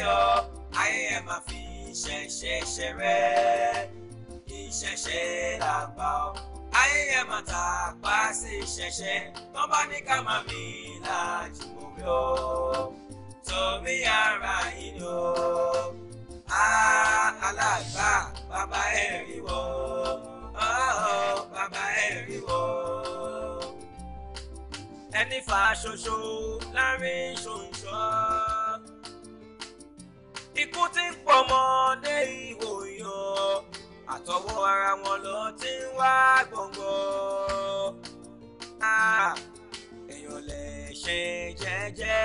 ayọ̀ ayé ẹ máa fi ìṣẹ̀ṣe ṣẹ̀rẹ́ ìṣẹ̀ṣe làgbà ọ́ ayé ẹ máa ta pa sí ìṣẹ̀ṣe tó bá ní ká máa mi làjú omi o torí ara yìí ni o alágbà bàbá ẹ̀ rí wọ́ bàbá ẹ̀ rí wọ́ ẹni fà ṣoṣo láàrin ṣòun. ikú ti ń pọ̀ mọ́dé ihò yọ àtọwọ́ ara wọn lọ ti ń wá gbọ̀ngàn. Ah, èèyàn lè ṣe jẹ́jẹ́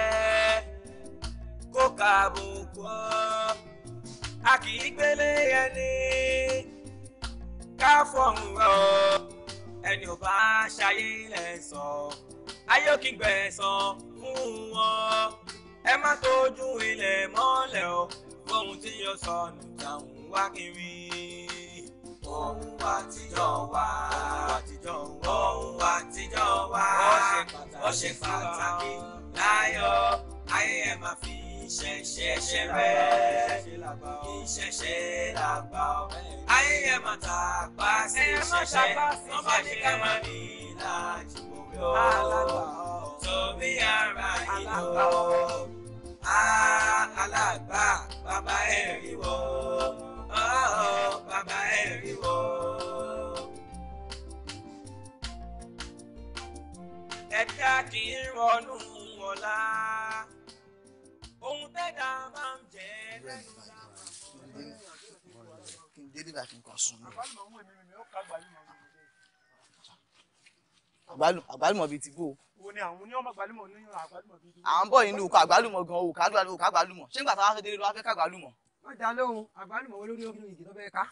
kó kàbùkù ọ́ a kì í gbélé ẹni ká fọ̀hún rọ̀ ẹni ò bá ṣayé lẹ́sọ̀ ayé ò kí fún wọn ẹ má tójú ilẹ̀ mọ́lẹ̀ o ohun tí yóò sọnù táwọn wá kiri. ohun àtijọ́ wa ohun àtijọ́ wa ó ṣe pàtàkì láyọ̀ ayé ẹ̀ máa fi ìṣẹ̀ṣẹ̀ṣẹ̀ rẹ̀ ìṣẹ̀ṣẹ̀ làgbà ọ́ ayé ẹ̀ máa tàpá sí ìṣẹ̀ṣẹ̀ wọ́n bá ní ká máa ní ìlàjì mọ́ bí tóbi ara ìlú alàgbà bàbá ẹ̀rí wọ̀ bàbá ẹ̀rí wọ̀. ẹ̀dá kì í rọnú ọ̀la ohun tẹ́dá máa ń jẹ́ lẹ́nu kí bíi ti o. Wo ni àwọn oníyàn àgbálùmọ̀ oníyàn àgbálùmọ̀ dúdú. À ń bọ̀ nínú òkú àgbálùmọ̀ gan òkú àgbálùmọ̀. Ṣé nígbà táwa ṣe délé ló wá fẹ́ ká àgbálùmọ̀? Má dá lóhùn àgbálùmọ̀ wo lórí obìnrin ìdí tó fẹ́ ká.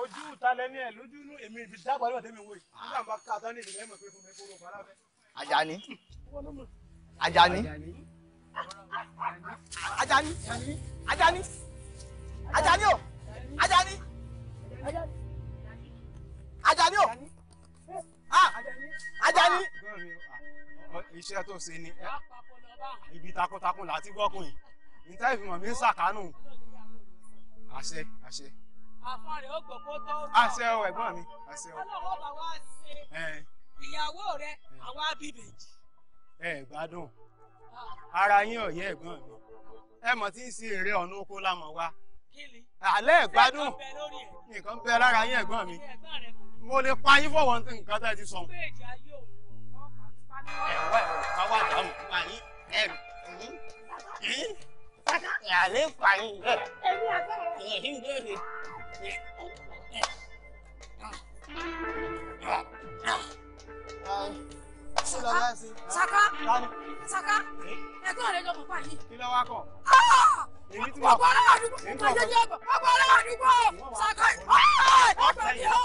Ojú ìtalẹ̀ ní ẹ̀ lójú inú èmi ìfi dágbà lọ́wọ́ tẹ́mi wò yìí. Nígbà máa ká tán ní ìdílé mọ̀ pé fún mi kó lọ bàrà fẹ́. Àjàní. Àjàní. Àjàní. Àjàní. Àjàní o. Àjàní. Àjàní ajani o ajani ah, ah, ah, iṣẹ́ tó ṣe ni ibi takuntakun láti gbọ́kùn yìí níta ìfimọ̀ mi ń ṣàkánù àṣẹ àṣẹ. àfọ̀n rẹ̀ ó gbọ́ kó tó rọ̀ àṣẹ o ẹ̀gbọ́n mi àṣẹ o. ọlọ́wọ́ bá wá ṣe ìyàwó rẹ àwa bíbèjì. ẹ gbádùn ara yín ọ̀yẹ́ ẹ̀gbọ́n mi ẹ mọ̀ tí ń ṣe eré ọ̀nà oko lámọ̀ wa. kí ni. alẹ́ gbádùn nǹkan bẹ lórí ẹ̀. nǹkan bẹ lára yín ẹ̀gbọ́n mi mo lè pa yín fọwọ́ ní nǹkan tá ẹ ti sọ. ẹ̀wọ́ ẹ̀rọ káwá dàrú pa yín ẹ̀rù yín ìyàlẹ́ pa yín bẹ́ẹ̀. ẹ̀yìn lóde. Saka! Saka! Ẹgbẹ́ ọ̀rẹ́ jọ pàpà yìí. Kí ló wá kọ̀? Ọgbà ọlọ́wà dúpọ̀! Ọgbà ọlọ́wà dúpọ̀! Saka! Ọgbà mi ọ́!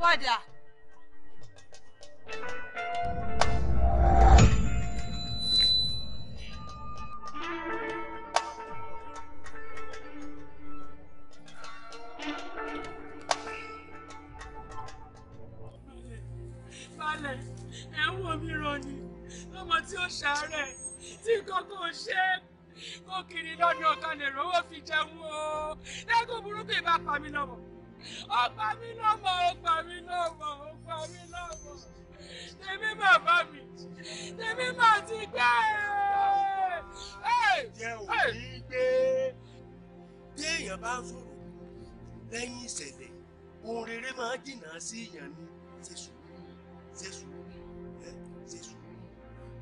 wàdà. balẹ̀ lọ́dún ọ̀kan lè rówó fi jẹun o lẹ́gùn burúkú ìbá pa mí lọ́wọ́ ọgbà mi lọ́mọ ọgbà mi lọ́mọ ọgbà mi lọ́mọ tèmi bàbá mi tèmi mà ti gbé ẹ. jẹ́ òní gbé bí èèyàn bá ń sọ̀rọ̀ lẹ́yìn ìṣẹ̀lẹ̀ ohun rere máa jìnnà sí èèyàn ni ṣe sùúrù ṣe sùúrù ẹ ṣe sùúrù.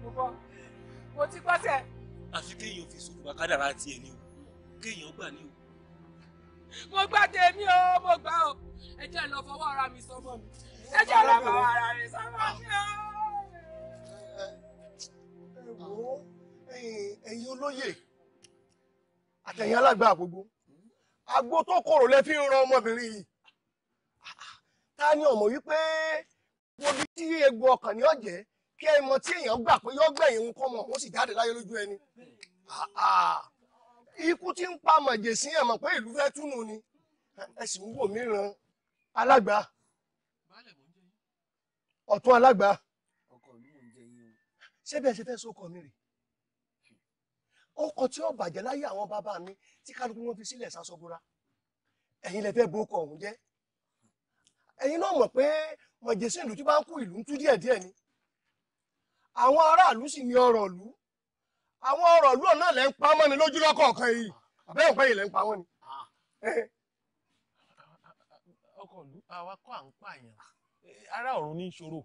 mo bọ ti gbọ́ tẹ. àfi kéèyàn fi sùúrù wákàdàrà tiẹ̀ ni o kéèyàn gbà ni o mo gbà tèmi o mo gbà o ẹ jẹ́ lọ fọwọ́ ara mi sọmọ mi ẹ jẹ́ lọ fọwọ́ ara mi sọmọ mi o. ẹ wo ẹ̀yin olóyè àtẹ̀yin alágbà agbo tó korò lẹ fi ń ran ọmọbìnrin yìí ta ni ọmọ wípé wo bí tí egbò ọkàn ni ó jẹ kí ẹ mọ tí èèyàn gbà pé yọ gbẹ̀yìn òun kọ́ mọ̀ ó sì jáde láyé lójú ẹni ikú tí ń pa màjèsí ẹ̀ mọ̀ pé ìlú fẹ́ túnú ni ẹ sì ń wò mí ran alágbà ọ̀tún alágbà ṣé bí ẹ ṣe fẹ́ sókọ mi rè ọkọ̀ tí ó bàjẹ́ láyé àwọn bàbá mi tí kálukú wọn fi sílẹ̀ sásọgbóra ẹ̀yin lẹ fẹ́ bókọ̀ ọ̀hún jẹ́ ẹ̀yin náà mọ̀ pé màjèsí ìlú tí bá ń kú ìlú ń tú díẹ̀díẹ̀ ni àwọn aráàlú sì ní ọrọ̀ ìlú àwọn ọ̀rọ̀ ìlú náà lẹ́ ń pa mọ́ ni lójú eyi yìí bẹ́ẹ̀ ń pẹ́ yìí lẹ́ ń pa wọ́n ni. ọkọ̀ ìlú àwa kọ́ à ń àyàn. ará ọ̀run ní ìṣòro.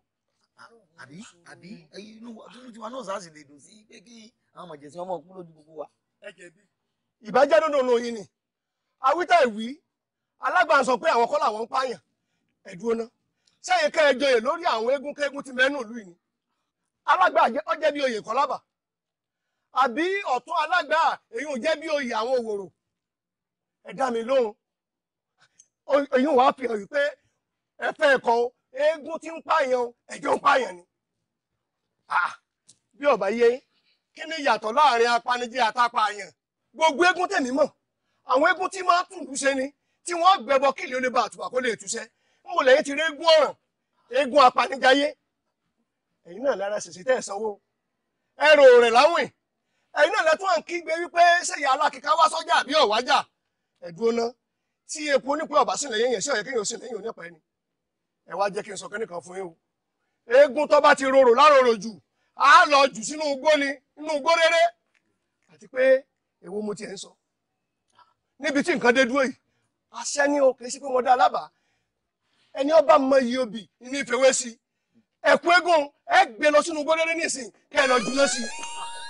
àbí àbí inú tiwa ni ìwí sọ pé àwọn kọ́ làwọn ń ẹ̀dúró sẹ́yìn lórí àwọn ti mẹ́nu ìlú yìí ọjẹ́ bí oyè àbí ọ̀tún alágbà èyí ò jẹ́ bí oyè àwọn òwòrò ẹ dá mi lóhùn èyí ò wá fi hàn wípé ẹ fẹ́ ẹ̀kọ́ eégún tí ń pààyàn ẹ̀jọ̀ ń pààyàn ni ah, bí ọ̀bá yé kí ni ìyàtọ̀ láàrin apanijẹ́ àtàpààyàn gbogbo eégún tèmi mọ̀ àwọn eégún tí máa ń tùlù ṣe ni tí wọ́n gbẹbọ kí ilé olè bá àtùbà kó lè túṣẹ́ ń wò lẹ́yìn ti rí eégún ọ̀ràn eégún apanijayé ẹ̀yin náà lára ṣèṣe tẹ́ ẹ̀ sanwó ẹrù rẹ̀ láwìn ẹ̀yin náà lẹ́tọ́ ń kígbe wípé ṣèyà alákìíká wá sọ́jà àbí ọ̀wájà ẹ̀dúró ná tí epo onípẹ́ ọ̀bá sì lẹ́yìn yẹn sí ọ̀yẹ́ kéèyàn sì lẹ́yìn onípa ẹni ẹ wá jẹ́ kí n sọ kẹ́ni kan fún yín o eégún tó bá ti rorò láròrò jù á lọ jù sínú ugbó ni inú ugbó rere àti pé èwo mo tiẹ̀ ń sọ níbi tí nǹkan dé dúró yìí àṣẹ ni o kì í sí pé mo dá alábàá ẹni ọba mọ iye obì ní ìfẹ́wé sí ẹ̀kú eégún ẹ gbé lọ sínú ugbó rere nísìnyí kẹ́ ẹ lọ jù lọ sí i.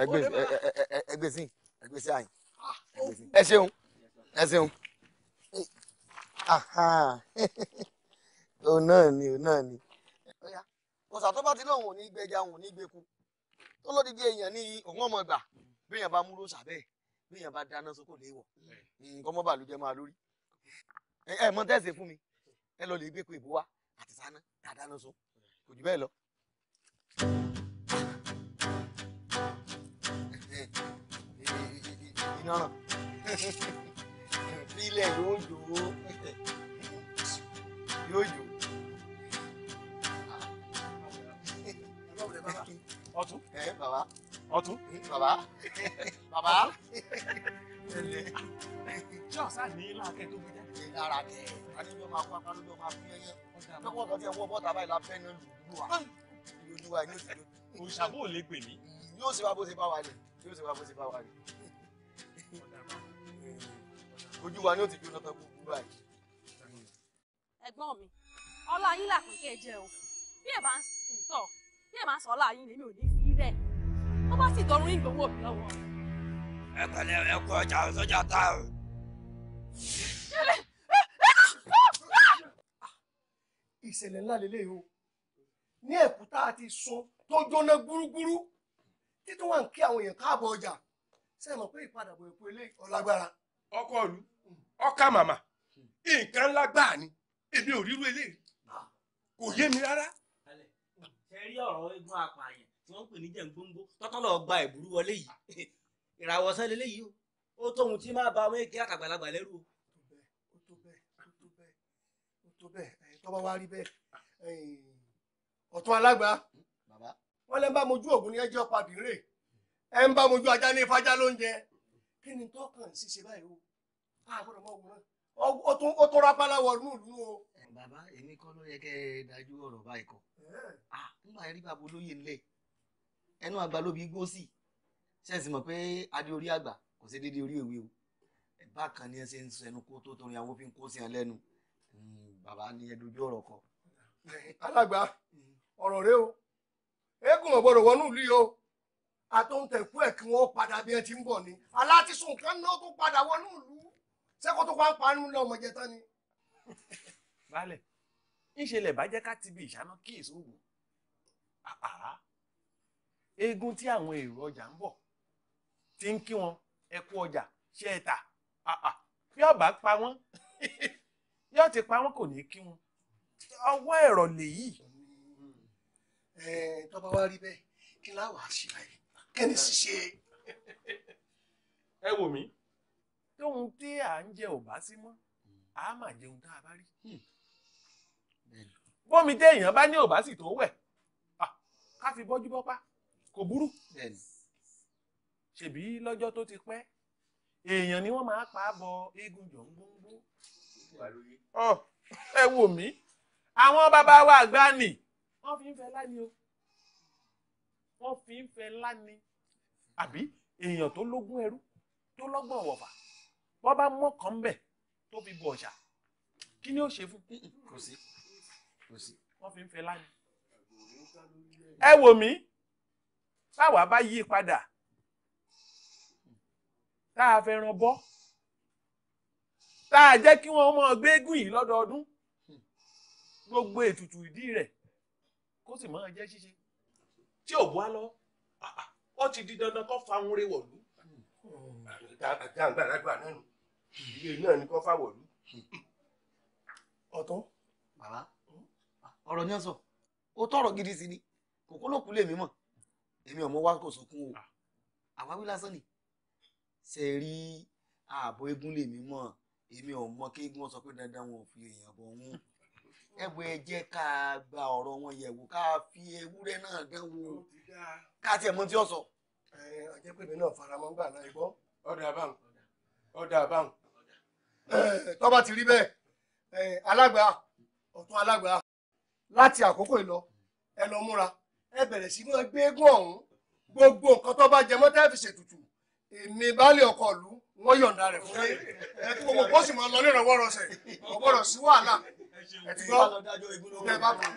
ẹgbẹ́ ẹgbẹ́ sí ẹgbẹ́ sí àyìn ah, ẹ ṣeun ẹ ṣeun òun náà ni òun náà ni. ọ̀sà tó bá ti lóun ò ní gbẹja òun ò ní gbẹku tó ló dìde èèyàn ní òun ọmọ ìgbà bí èèyàn bá múrò sàbẹ̀ bí èèyàn bá dáná sókò léèwọ̀ nǹkan mọ́ bàlújẹ́ máa lórí. ẹ mọ tẹ́sí fún mi ẹ lọ lè gbé ko ìbò wa àti sáná dáadáa náà so kò jù bẹ́ẹ̀ lọ. yànràn sílẹ̀ yóò jòwó yóò jò. ọtún. ẹ bàbá. ọtún. bàbá. bàbá. ẹlẹ. ṣé ọ̀sán ní láàkẹ́ tó gbé jáde. ara tẹ adébíyàn máa kó apá lójó máa fún yẹyẹ lọ́wọ́ kan tí ẹ wọ́ bọ́ta báyìí la fẹ́ náà lù wá lù wá ní òṣèlú. òṣàbò lè pè mí. yóò ṣe wá bó ṣe bá wa lè yóò ṣe wá bó ṣe bá wa lè ojú wa ni ó ti jóná tán gbogbo báyìí. ẹ̀gbọ́n mi ọlá yín là pín kẹ́ jẹ o bí ẹ̀ bá ń tọ̀ bí ẹ̀ bá ń sọ ọlá yín lèmi ò ní fi rẹ̀ tó bá sì dọrùn yín gbowó mi lọ́wọ́. ẹ pẹ̀lẹ́ ẹ kú ọjà sójà tá o. ìṣẹ̀lẹ̀ ńlá lélẹ́yìí o ní ẹ̀kúta àti sun tó jóná gbúrúgbúrú títún wà ń kí àwọn èèyàn káàbọ̀ ọjà sẹ́yìn mọ̀ pé ìpadàbọ̀ èkó ilé ọ̀lágbára. ọkọ ìlú ọkà màmà nǹkan ńlá gbáà ni ebi ò ríru kò yé mi rárá. ṣe ọ̀rọ̀ eégún apààyàn tí wọ́n pè ní gba ìbúrú wọlé yìí o tóhun tí máa ba ọmọ àgbọ̀dọ̀ mọ ògùn náà ó tó rápálá wọ inú ìlú o. bàbá èmi kọ́ ló yẹ kẹ́ ẹ dájú ọ̀rọ̀ báyìí kọ́ nígbà yẹn rí bàbá olóyè ńlẹ̀ ẹnu àgbà ló bí gbó sí ṣẹ́ẹ̀sì mọ̀ pé adé orí àgbà kò sí déédéé orí òwe o ẹ̀bá kan ni ẹ ṣe ń sẹnu kó tó torin àwọn òfin kó sí ẹ lẹ́nu bàbá ni ẹ dojú ọ̀rọ̀ kọ. alàgbà ọ̀rọ̀ rẹ o eégún ọ̀gbọ́dọ̀ wọnú ìlú o àtọ̀ǹtẹ̀kú ẹ̀ kí wọ́n padà bí ẹ ti ń bọ̀ ni alátìsùn kan náà tó padà wọnú ìlú ṣé kó tó wá parun lọ ọmọ jẹ tán ni. baálẹ̀ ìṣẹ̀lẹ̀ bàjẹ́ ká ti bi ìṣáná kíyèsí òògùn eégún tí àwọn èrò ọjà ń bọ̀ ti ń kí wọn ẹ kú ọjà ṣe é tà bí ọba pa wọn yóò ti pa wọn kò ní kí wọn ọwọ́ ẹ̀rọ lèyí. tọ́ba wa rí bẹ́ẹ̀ kí láwàá ṣe báyìí kẹ́ni ṣiṣẹ́. ẹ wò mí tóun tí à ń jẹ ò bá sí mọ́ hmm. a máa jẹun tá a bá rí. Hmm. bómi téèyàn bá ní ò bá sì tó wẹ̀ ká fi bọ́jú bọ́pá kò burú. ṣèbí lọ́jọ́ tó ti pẹ́ èèyàn ni wọ́n máa pa á bọ eégún jọ̀ǹgbòǹgbò. ẹ wò mí àwọn bàbá wa àgbà nì wọ́n fi ń fẹ́ láni o wọ́n fi ń fẹ́ láni àbí èèyàn tó lógún ẹrú tó lọ́gbọ̀n wọ̀fà bọ́ bá mọ́ kàn ń bẹ̀ tó fi bu ọ̀ṣà kí ni ó ṣe fún kò sí kò sí wọ́n fi ń fẹ́ láyé. ẹ wò mí táwa bá yí padà tá a fẹ́ ran bọ́ tá a jẹ́ kí wọ́n máa gbégùn yìí lọ́dọọdún gbogbo ètùtù ìdí rẹ̀ kó sì máa jẹ́ ṣíṣe tí ò bọ́ á lọ ó ti di dandan kó fa ohun rẹ̀ wọ̀lú ilé náà ni kọ́ fàwọ̀lú. ọ̀tún. bàbá ọ̀rọ̀ ni ó sọ ó tọrọ gidi sí ni kòkó ló kú lèmi mọ̀ èmi ọmọ wa kò sọkún o àwáwí lásán ni ṣe rí ààbò eégún lèmi mọ̀ èmi ò mọ kí eégún sọ pé dandan wọn ò fi èèyàn bọ̀ wọn ẹgbẹ́ ẹ jẹ́ ká gba ọ̀rọ̀ wọn yẹ̀wò ká fi ewúrẹ́ náà dánwò ká tiẹ̀ mọ tí ó sọ. ẹ ọjọ́ pé mi náà faramọ́ gbà láì gbọ́. ọ̀dà àbáhùn ọ̀dà àbáhùn Eh, tó bá ti rí bẹ́ẹ̀ eh, alágbà ọ̀tún alágbà láti àkókò ìlọ ẹ lọ múra ẹ bẹ̀rẹ̀ sí máa gbé eégún ọ̀hún gbogbo nǹkan tó bá jẹ mọ́ tẹ́ fi ṣètùtù èmi baálé ọkọ ìlú wọ́n yọ̀ǹda rẹ̀ fún mi ẹ kí gbogbo kó sì máa lọ nírànwọ́ rọ̀ṣẹ̀ ọ̀gbọ́dọ̀ sí wàhálà ẹ ti gbọ́ ẹ bá kọ́.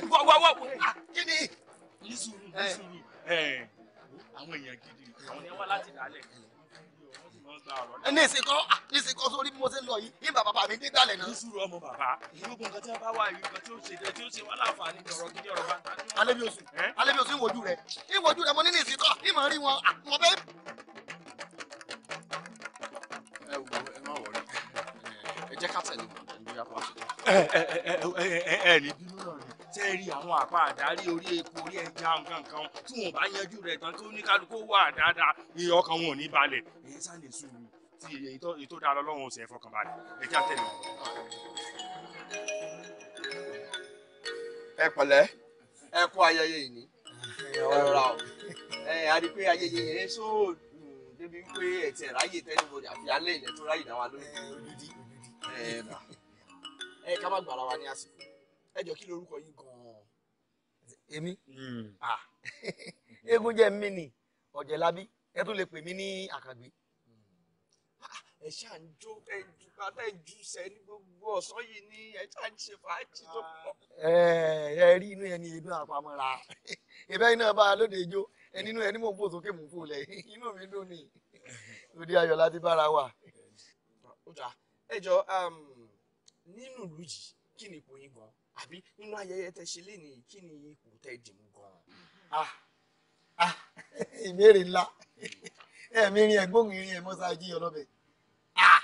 wọ wọ wọ kí ni. ní sùúrù ní eh. sùúrù eh, àwọn èèyàn gidi àwọn èèyàn wá láti dálẹ̀ eh, ní ìsìnkọ́ ah, ní ìsìnkọ́ sórí bí mo ṣe ń lọ yìí ní bàbá bàbá mi nígbàlẹ̀ náà. nísùúrù ọmọ bàbá gbogbo nǹkan tí wọn bá wà yìí nǹkan tí ó ṣe tí ó ṣe wá láǹfààní ọ̀rọ̀ gidi ọ̀rọ̀ bá ń tán. alẹ́bí oṣù alẹ́bí oṣù ìwòjú rẹ̀ ìwòjú rẹ̀ mo ní ní ìsìnkọ́ ìmọ̀ rí wọn ah, mo fẹ́. ẹ wo ẹ má wọlé ẹ jẹ́ ká tẹ̀lé wọn ẹ ní bóyá pàṣẹ. ẹ ẹ ẹ ẹ ní bínú tẹ́ẹ̀rì àwọn àpá àdárí orí epo orí ẹja nǹkan kan tí wọn bá yanjú rẹ̀ tán tó ní kálukú wà dáadáa ní ọkàn wọn ò ní balẹ̀ èyí sá lè sùúrù tí èyí tó dára lọ́wọ́ ọ̀sẹ̀ fọkànbalẹ̀ ẹja tẹ̀lé. ẹ pẹ̀lẹ́ ẹ kú ayẹyẹ yìí ní ọ̀rọ̀ ẹ a rí i pé ayẹyẹ yẹn sọ mm, débi pé ẹ̀tẹ̀ ráyè tẹ́lifọ̀dì àfi alẹ́ ilẹ̀ ráyè dáwà lórí ẹ̀ ká má gbàrà wa ní àsìkò ẹ jọ kí lorúkọ yín gan-an. èmi hmm. eégún jẹ́ mi ni ọ̀jẹ̀lábí ẹ tún lè pè mí ní àkàgbé. ẹ ṣáà ń jó ẹ ju pátá ẹ ju sẹ ní gbogbo ọ̀sán yìí ní ẹ ṣáà ń ṣe fàájì tó pọ̀. ẹ ẹ rí inú ẹni inú àpamọ́ra ìbẹ́ iná bá a lóde ijó ẹni inú ẹni mò ń fò sókè mò ń fò lẹ̀ inú mi dùn ni òde ayọ̀ láti bára wà. ó dáa ẹ jọ um, nínú ìlú yìí kí ni ipò yín gan-an àbí nínú ayẹyẹ tẹ ṣe lénìí kí ni ipò tẹ dìmú gan ah ah ìbéèrè ńlá ẹ̀mí rin ẹ̀gbóhùn irin ẹ̀ mọ́sá ọlọ́bẹ̀ ah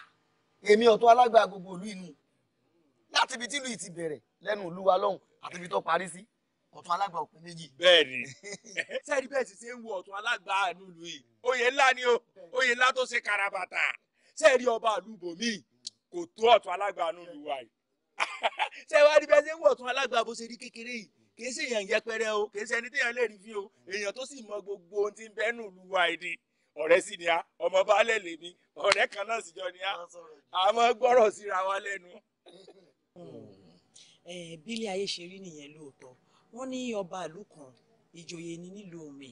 èmi ọ̀tún alágbà gbogbo ìlú inú láti ibi tílùú ti bẹ̀rẹ̀ lẹ́nu ìlú wa lọ́hùn àti ibi tó parí sí ọ̀tún alágbà òpin méjì. bẹ́ẹ̀ni sẹẹri bẹ́ẹ̀ sì ṣe ń wo ọ̀tún alágbà ìlú yìí oyè ńlá ni o oyè ńlá tó ṣe karabata sẹẹri ọba àlùbọ mi kò tó ọ̀tún alágbà ìlú wa yìí ṣé wàá rí bẹ́ẹ̀ ṣe ń wọ̀ tún alágbà bó ṣe rí kékeré yìí kì í ṣe èèyàn yẹpẹrẹ o kì í ṣe ẹni téèyàn lè rí fi o èèyàn tó sì mọ gbogbo ohun tí ń bẹ́ẹ̀ nù lùwà èdè ọ̀rẹ́ sì ni a ọmọ baálẹ̀ lèmi ọ̀rẹ́ kan náà sì ni a àmọ́ gbọ́rọ̀ síra wa lẹ́nu. Eh, bílẹ̀ ayé ṣe rí nìyẹn lóòótọ́ wọ́n ní ọba ìlú kan ìjòyè ni nílùú mi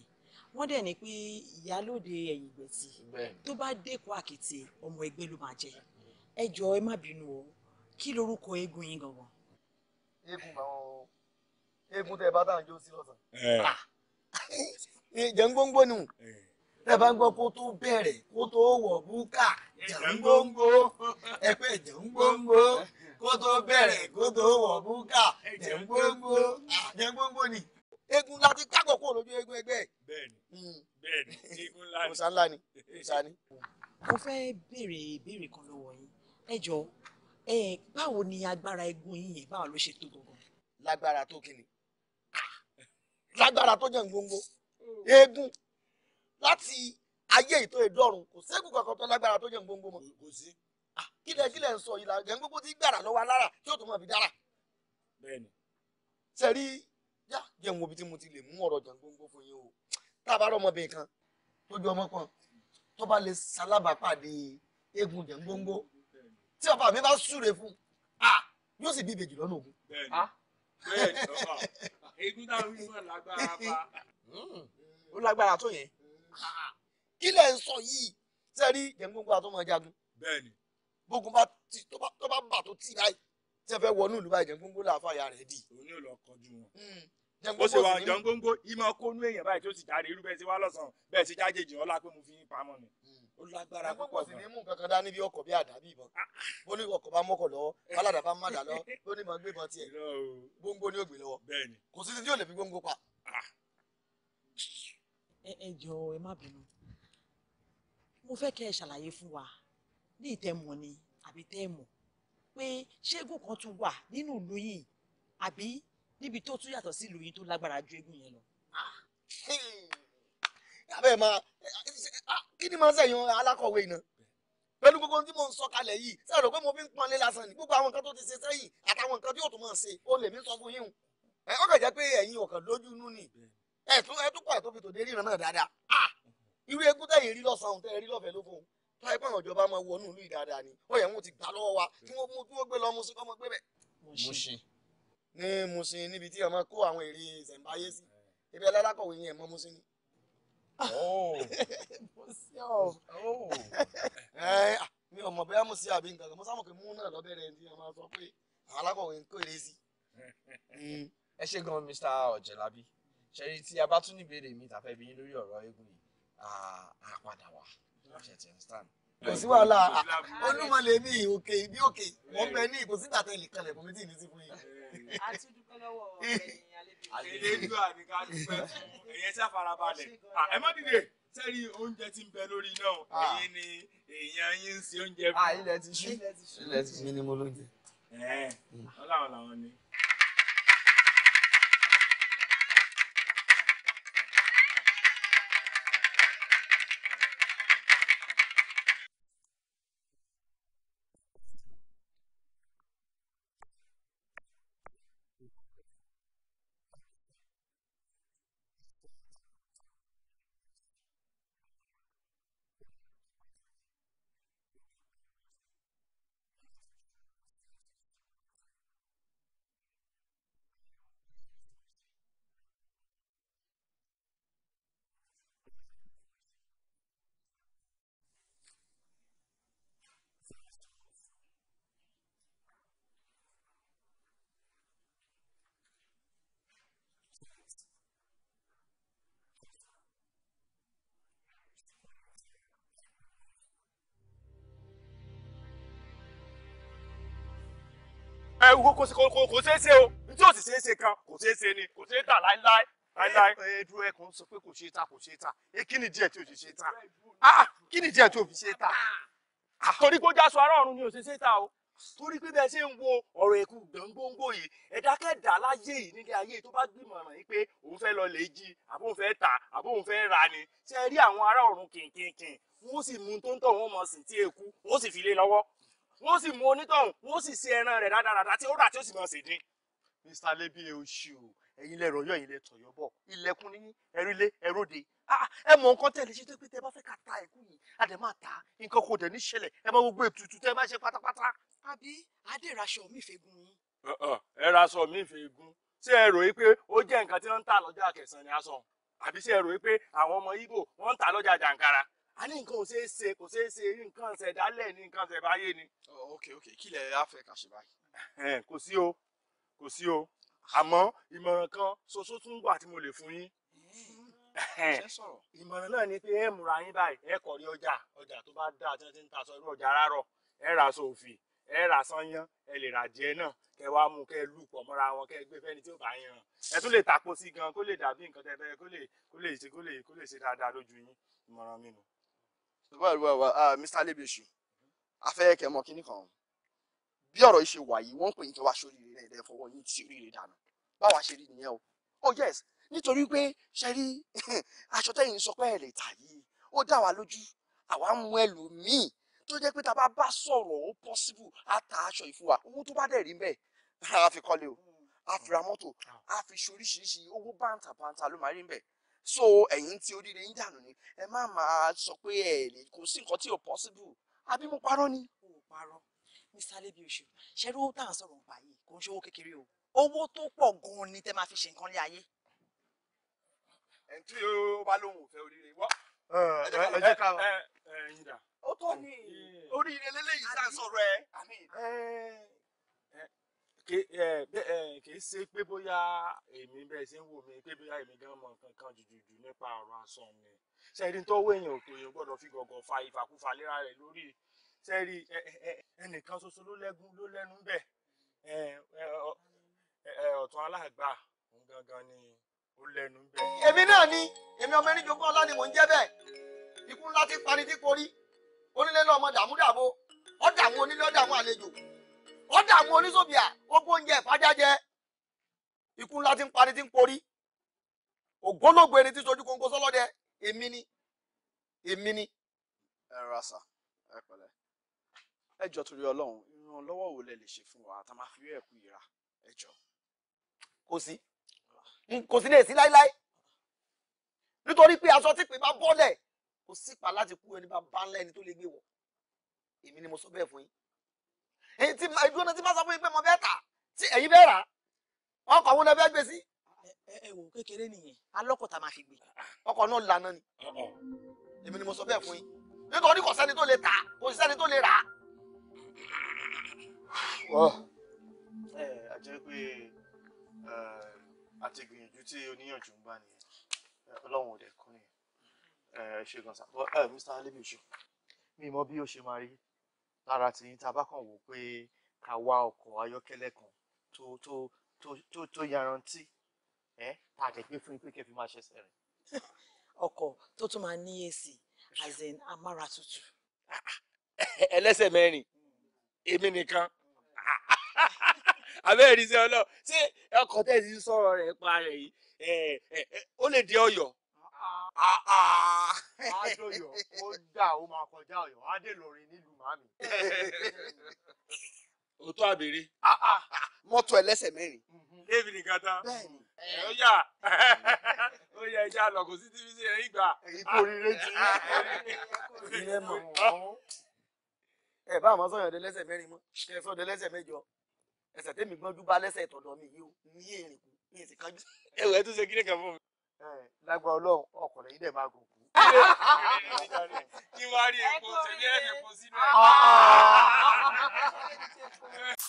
wọ́n dẹ̀ ní pé ìyálóde ẹ̀yìn ìgbẹ̀tì tó bá dẹ́kun àkìtì ọmọ ẹgbẹ́ ló máa jẹ ẹ jọ ẹ má bínú o kí lorúkọ eégún yín gangan. eégún àwọn eégún tẹ bá tá à ń jó sí lọ́sàn. Ah. jẹ̀ngbóngbó nù tẹ bá ń gbọ́ kó tó bẹ̀rẹ̀ kó tó wọ̀ búkà jẹ̀ngbóngbó ẹ pé jẹ̀ngbóngbó kó tó bẹ̀rẹ̀ kó tó wọ̀ búkà jẹ̀ngbóngbó ah, jẹ̀ngbóngbó ni eégún ńlá ti kágọ̀ kúrò lójú eégún ẹgbẹ́. bẹ́ẹ̀ni hmm. bẹ́ẹ̀ni eégún ńlá ni. musa ńlá ni musa ni. mo fẹ́ béèrè ìbéèrè kan lọ́wọ́ yín ẹ jọ̀ọ́ ẹ báwo ni agbára egun yín yẹn báwo ló ṣe tó gbogbo. lágbára tó kìnnì lágbára tó jẹ́ gbogbo eegun láti ayé ìtò ìdọ́rùn kò ségun kankan tó lágbára tó jẹ́ gbogbo mọ́. kò sí. kílẹ̀ ah, kílẹ̀ ń sọ ìlà gẹ̀ ń gbogbo tí gbàrà lọ́wọ́ alára tí ó tún mọ̀ fi dára. bẹ́ẹ̀ni. sẹ́rí yá jẹun obi tí mo ti lè mú ọ̀rọ̀ jẹun gbogbo fún yín o tá a bá rọmọbìnrin kan tó ju ọmọ kan tó bá lè ṣalábàápàdé eegun jẹun gbogbo tí bàbá mi bá súre fún yóò sì bí ìbejì lọ́nà ogun. egun dáhùn iná lágbára pa. Hmm. Hmm. ó lágbára tó yẹn. kí lẹ̀ ń sọ yìí ṣe rí jẹ̀ngbọ̀ngbọ̀ àtọ́mọ jagun. bẹ́ẹ̀ni. bógun bá ti tó bá bà tó tì báyìí tí ẹ fẹ́ wọnú ìlú báyìí jẹ̀ngbọ̀ngbọ̀ làáfàyà rẹ̀ dì. òun yóò lọ kọjú wọn hmm. ó ṣe wà jọ̀ǹgóńgó ìmọ̀ kónú èèyàn báyìí tó sì jáde irú bẹ́ẹ̀ sí wá lọ́sàn ó lágbára púpọ̀ gan. ẹgbẹ́ kò sì ní mú kankan dání bí ọkọ̀ bí àdá bí ìbọn ah. bó ní ọkọ̀ bá mọ́kọ̀ lọ́wọ́ bálàdà bá má dà lọ ló ní ma gbé ìbọn tiẹ̀ gbóngbó ní ògbè lọ́wọ́ kò sí tí yóò lè fi gbóngbó pa. Ah. ẹ jọ ẹ má bínú mo fẹ́ kẹ́ ẹ ṣàlàyé fún wa ní ìtẹ̀mọ̀ ni àbí tẹ́ẹ̀mọ̀ pé ṣé eégún kan tún wà nínú ìlú àbí níbi tó tún yàtọ̀ sí ìlú tó lágbára ju eégún yẹn lọ. Ah. abẹ́ máa kí ni máa sẹ̀yìn alákọ̀wé iná pẹ̀lú gbogbo tí mo ń sọ kalẹ̀ yìí sẹ́yìn rò pé mo fi ń pọnlé lásán ni gbogbo àwọn nǹkan tó ti ṣe sẹ́yìn àtàwọn nǹkan tí yóò tún máa ṣe ó lè mí sọ fún yín ẹ ọkàn jẹ́ pé ẹ̀yin ọ̀kàn lójú inú ni ẹ tún ẹ tún pọ̀ tó fi tòde ríran náà dáadáa ah irú egun tẹ̀yìn rí lọ́sàn-án tẹ̀yìn rí lọ́fẹ̀ẹ́ lóko tó ẹ pé àwọn ìjọba máa wọnú ìlú ìdáadáa ni ó yẹ wọn ti gbà lọ́wọ́ wa tí wọ́n mú gbé lọ Mùṣín kọ́mọ gbé bẹ̀. Mùṣín ní Mùṣín níbi tí ọmọ kó àwọn èrè ìṣẹ̀ǹbáyé sí ibi ẹlẹ́lákọ̀wé yẹn mọ́ Mùṣín ni. Oh. mo sí ọ oh. eh, ah, mi ò mọ̀ bẹ́ẹ̀ mo sí àbí nǹkan kan mo sábà pé mú náà lọ́bẹ̀rẹ̀ ẹni tí a máa sọ pé alákọ̀wé hmm. ẹ ṣe gan Mr. Ọ̀jẹ̀lábí ṣẹ́rí tí a bá tún ní ìbéèrè mi tàfẹ́ bí yín lórí ọ̀rọ̀ eégún yìí á padà wá ṣe ti understand. kò sí wàhálà olúmọ lè ní òkè ní òkè wọ́n bẹ ní ìkòsígbà tẹ̀lé kalẹ̀ kò ní tì ní sí fún yín. a ti dúpẹ́ lọ́wọ́ ọ̀rẹ́ yẹn elédùn àníká dúpẹ́ ẹ̀yẹ sá farabalẹ̀ ẹ má dìde sẹ́rí oúnjẹ tí ń bẹ lórí náà ẹ̀yin ni èèyàn yín ń ṣe oúnjẹ ilẹ̀ ti ṣú ilẹ̀ ti ṣú ni mo lóúnjẹ. ọlọ́run làwọn ni. ewu kò ṣeé ṣe o tí ò sì ṣeé ṣe kan kò ṣeé ṣe ni kò ṣeé tà láíláí láíláí. ẹ dúró ẹ sọ pé kò ṣeé tà kò ṣeé tà ẹ kí ni díẹ̀ tí o ṣe ṣe tà ah, ah, kí ni díẹ̀ tí o fi ṣe tà. Ah. torí kó jáso ará ọ̀run ni ò ṣe ṣe tà o torí pé bẹ́ẹ̀ ṣe ń wo ọ̀rọ̀ èkú gbòǹgbò yìí ẹ̀dákẹ́dà láyé yìí nílé ayé tó bá gbìmọ̀ràn yìí pé òun fẹ́ lọ lè jí àbó fẹ́ tà àbó fẹ́ rà ni ṣe rí àwọn ará ọ̀run kìnkìnkìn wọ́n sì mú tó ń tọ̀ wọ́n mọ̀ sí tí èkú ó sì fi lé lọ́wọ́ wọ́n sì mú onítọ̀hún wọ́n sì ṣe ẹran rẹ̀ rádaràdá tí ó rà tí ó sì máa ṣèdín. mr lebi oṣù ẹ̀yin lẹrọ yọ ẹ̀yin lẹ tọyọ bọ ilẹ̀kùn ní ẹrílé ẹróde ẹ mọ nǹkan tẹ́lẹ̀ ṣe tó pé tẹ́ bá fẹ́ ká ta ẹkú yìí a dẹ máa ta nǹkan kò dẹ ní ṣẹlẹ̀ ẹ máa gbogbo ètùtù tẹ́ bá ṣe pátápátá. àbí adéraṣọ mi fẹ́ gun yín. ẹ raṣọ mi fẹ́ gun ṣé ẹ rò yí pé ó jẹ́ nǹkan tí wọ́n ń tà lọ́jà kẹsàn-án ni aṣọ àbí ṣé ẹ rò pé àwọn ọmọ Ìgbò wọ́n ń tà lọ́jà jàǹkàrà a ní nǹkan ò ṣeé ṣe kò ṣeé ṣe nǹkan ṣẹ̀dálẹ̀ ní nǹkan ṣẹ̀báyé ni. Oh, ok ok kí lẹ á fẹ́ ká ṣe báyìí. kò sí o kò sí o àmọ́ ìmọ̀ràn kan ṣoṣo tún wà tí mo lè fún yín. ìmọ̀ràn náà ni pé ẹ múra yín báyìí ẹ kọ̀rí ọjà ọjà tó bá dáa tí wọ́n ti ń taṣọ irú ọjà rárọ̀ ẹ ra sòfì ẹ ra sányán ẹ lè ra jẹ náà kẹ wá mú kẹ lù pọ̀ mọ́ra wọn kẹ gbé fẹ́ni tí ó bá yan ẹ tún lè tàpó sí gan kó lè dàbí nǹkan tẹ fẹ́ kó lè kó lè ṣe kó lè kó lè ṣe dáadáa lójú yín ìmọ̀ràn mi nù well well well uh, Mr. Alebiosu afẹ́ kẹ́ mọ̀ kínní kan bí ọ̀rọ̀ yìí ṣe wà yìí wọ́n ń pè ní kí wá sórí rẹ̀ ẹ̀ fọwọ́ yín tí oríire dànù báwa ṣe rí nìyẹn o oh yes nítorí pé ṣe rí aṣọ tẹ́yìn sọ pé ẹ̀ lè tà yìí ó dá wa lójú àwa ń mú ẹlòmíì tó jẹ́ pé tá a bá bá sọ̀rọ̀ ó possible á ta aṣọ yìí fún wa owó tó bá dẹ̀ rí bẹ́ẹ̀ á fi kọ́lé o á fi ra mọ́tò á fi ṣoríṣiríṣi owó bántàbántà ló máa rí bẹ́ẹ̀ so ẹ̀yin tí oríire yín dànù ni ẹ má máa sọ pé ẹ lè kò sí nǹkan tí ò possible àbí mo parọ́ ni. o ò parọ́ mr Alebiosu ṣẹ́rí owó tá à ń sọ̀rọ̀ nípa yìí kò ń ṣe owó kékeré o owó tó pọ̀ gan-an ni tẹ́ máa fi ṣe nǹkan lé ayé. ẹ̀ ń tí ó bá lóun ò fẹ́ oríire wọ́. ẹ jẹ́ ká ẹ ẹ yín dà. ó tọ́ ni oríire lélẹ́yìí tá à ń sọ̀rọ̀ ẹ kì í ṣe pé bóyá èmi bẹ́ẹ̀ ṣe ń wò mí pé bóyá èmi gan mọ nǹkan kan jùjùjù nípa ọ̀rọ̀ aṣọ mi ṣẹ́ẹ́rì tó wé èèyàn tó yẹn gbọ́dọ̀ fi gọ̀gọ̀ fa ìfàkúfà léra rẹ̀ lórí ṣẹ́ẹ́rì ẹnìkan ṣoṣo ló lẹ́gùn ló lẹ́nu bẹ̀ ọ̀tún aláàgbà òun gangan ni ó lẹ́nu bẹ̀. èmi náà ni èmi ọmọ ẹni jogún ọlá ni mò ń jẹ́ bẹ́ẹ̀ ikú ńlá ti parí tí korí onílé náà ọmọ dààmú dààbò ọ̀dààmú onílé ọ̀dààmú àlejò ó dààmú oníṣòbíà ó gbóúnjẹ ìfájájẹ ikú ńlá ti ń parí ti ń porí ògbólógbò ẹni tí sojú kóńkó sọlọ́dẹ èmi ni èmi ni. ẹ rasa ẹ pẹ̀lẹ́ ẹ jọ torí Ọlọ́run ìrànlọ́wọ́ wo lẹ lè ṣe fún wa tá a máa fi rí ẹkú ìra ẹ jọ. kò sí kò sí lè sí láíláí nítorí pé aṣọ tí pè bá bọ́lẹ̀ kò sípa láti kú ẹni bá bá ńlá ẹni tó lè gbé wọ̀ èmi ni mo sọ bẹ́ẹ̀ fún yín èyí tí ìdúró náà ti máa sọ fún yín pé mo bẹ́ẹ̀ tà tí ẹ̀yin bẹ́ẹ̀ rà ọkọ̀ òun lẹ fẹ́ gbé sí. ẹ wò kékeré nìyẹn alọ́kọ̀ tá a máa fi gbé. ọkọ̀ náà lànà ni èmi ni mo sọ bẹ́ẹ̀ fún yín nítorí kò sẹ́ni tó lè tà kò sẹ́ni tó lè rà. wọ́ ẹ a jẹ́ pé àtìgbìyànjú tí oníyànjú ń bá nìyẹn ọlọ́run ò dẹ̀ kọ́ nìyẹn ẹ ṣe gan sa ẹ Mr. Alebisho mi mọ bí ó ṣe máa rí lára tiyín tá a bá kàn wò pé ká wá ọkọ̀ ayọ́kẹ́lẹ́ kan tó tó tó tó tó yarantí ẹ tá a lè gbé fún yín pé kẹ́ fi máa ṣẹ̀ṣẹ̀ rìn. ọkọ̀ tó tún máa ní èsì as in amára tutù. ẹlẹ́sẹ̀ mẹ́rin hmm. èmi nìkan abẹ́rẹ́ ìṣẹ́ ọlọ́ọ̀ ṣé ọkọ̀ tẹ̀sí sọ̀rọ̀ rẹ̀ pa rẹ̀ yìí ó lè dé Ọ̀yọ́. Adóyọ̀ ah, ah. ó dà ó máa kọjá Ọ̀yọ́, Adé lórin nílùú màmí. Òótọ́ àbèrè. Ah, Mọ́tò ẹlẹ́sẹ̀ mẹ́rin. David mhm. Nkata. Bẹ́ẹ̀ni. Ó yà ó yẹ ẹja lọ kò sí tíbi sí ẹ̀yìn gbà. Ìkó oríire ti rí. Ilé mọ̀ wọ́n. Ẹ bá àwọn sọ̀yàn dẹ́lẹ́sẹ̀ mẹ́rin mọ́, ẹ sọ dẹ́lẹ́sẹ̀ mẹ́jọ. Ẹsẹ̀ tẹ́mi gbọ́njú bá lẹ́sẹ̀ tọ̀dọ̀ mi yìí ó ní èrè kù, ní èsì kanjú. Ẹ̀wẹ̀ tún ṣe kíni kan fún mi lágbára ọlọ́run ọkùnrin yìí dẹ̀ máa gùn kú. kí wàá rí epo tẹ̀lé ẹ̀fẹ̀ epo sínú ẹ̀.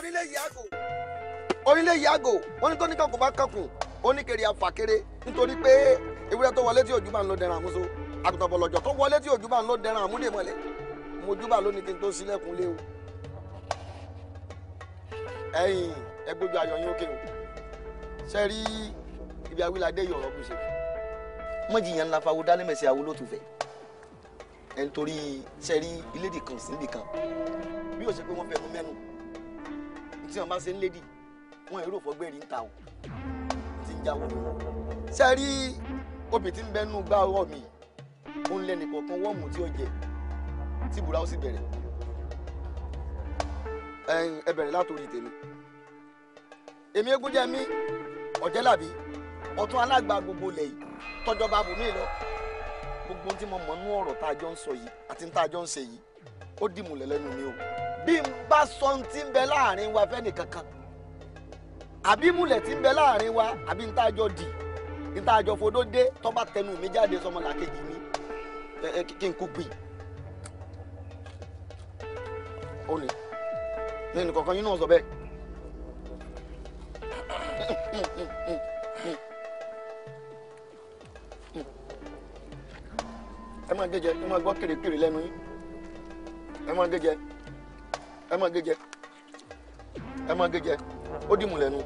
onílé yàgò onílé yàgò wọn ní tó ní kankun bá kankun oníkèrè àfàkèrè nítorí pé ewúrẹ́ tó wọlé tí òjú bá ń lọ dẹran àmúso àgùntàn bọ̀lọ̀jọ̀ tó wọlé tí òjú bá ń lọ dẹran àmúlẹ̀mọ́lẹ̀ mojúbà lónìí kí n tó sílẹ̀kùn lé o ẹ̀yin ẹgbójú ayọ̀ yín òkè o ṣe rí ibi awíládé yìí ọ̀rọ̀ kù ṣe. mọ̀jìyàn ńlá fáwọn dálẹ́mẹ̀sẹ̀ àwọn ló tún fẹ́ ẹ̀ nítorí ṣe rí ilédìkan sí ibìkan bí ó ṣe pé wọ́n fẹ́ mú mẹ́nu tí wọn bá ṣe ń lédi wọn èrò fọgbẹ́rì ń ta o ti ń jáwọ́ lọ. sẹ́rí obì tí ń bẹ́nu gbá ọwọ́ mi ó ń lẹ́nu kọ̀ọ̀kan wọ́ọ̀mù tí ó jẹ tí bùrá ó sì bẹ̀rẹ̀ ẹ bẹ̀rẹ̀ látòrí tèmi èmi eégún jẹ́ mi ọ̀jẹ́làbí ọ̀tún alágbà gbogbo ilẹ̀ yìí tọ́jọba bùnmí lọ gbogbo tí mo mọ̀ nú ọ̀rọ̀ tá a jọ ń sọ yìí àti tá a jọ ń ṣe yìí ó dìmùlẹ̀ lẹ́nu mi o. bí n bá sọ tí bẹ láàrin wa fẹ́ni kankan àbí múlẹ̀ ti bẹ láàrin wa àbí n tájọ dì n tájọ fodó dé tó tẹnu mi jáde sọmọlàkejì mi kí n kú gbì ó ní nínú kankan yín náà sọ bẹ́ẹ̀. ẹ máa ẹ mọ gẹjẹ ẹ mọ gẹjẹ ó dìmú lẹ́nu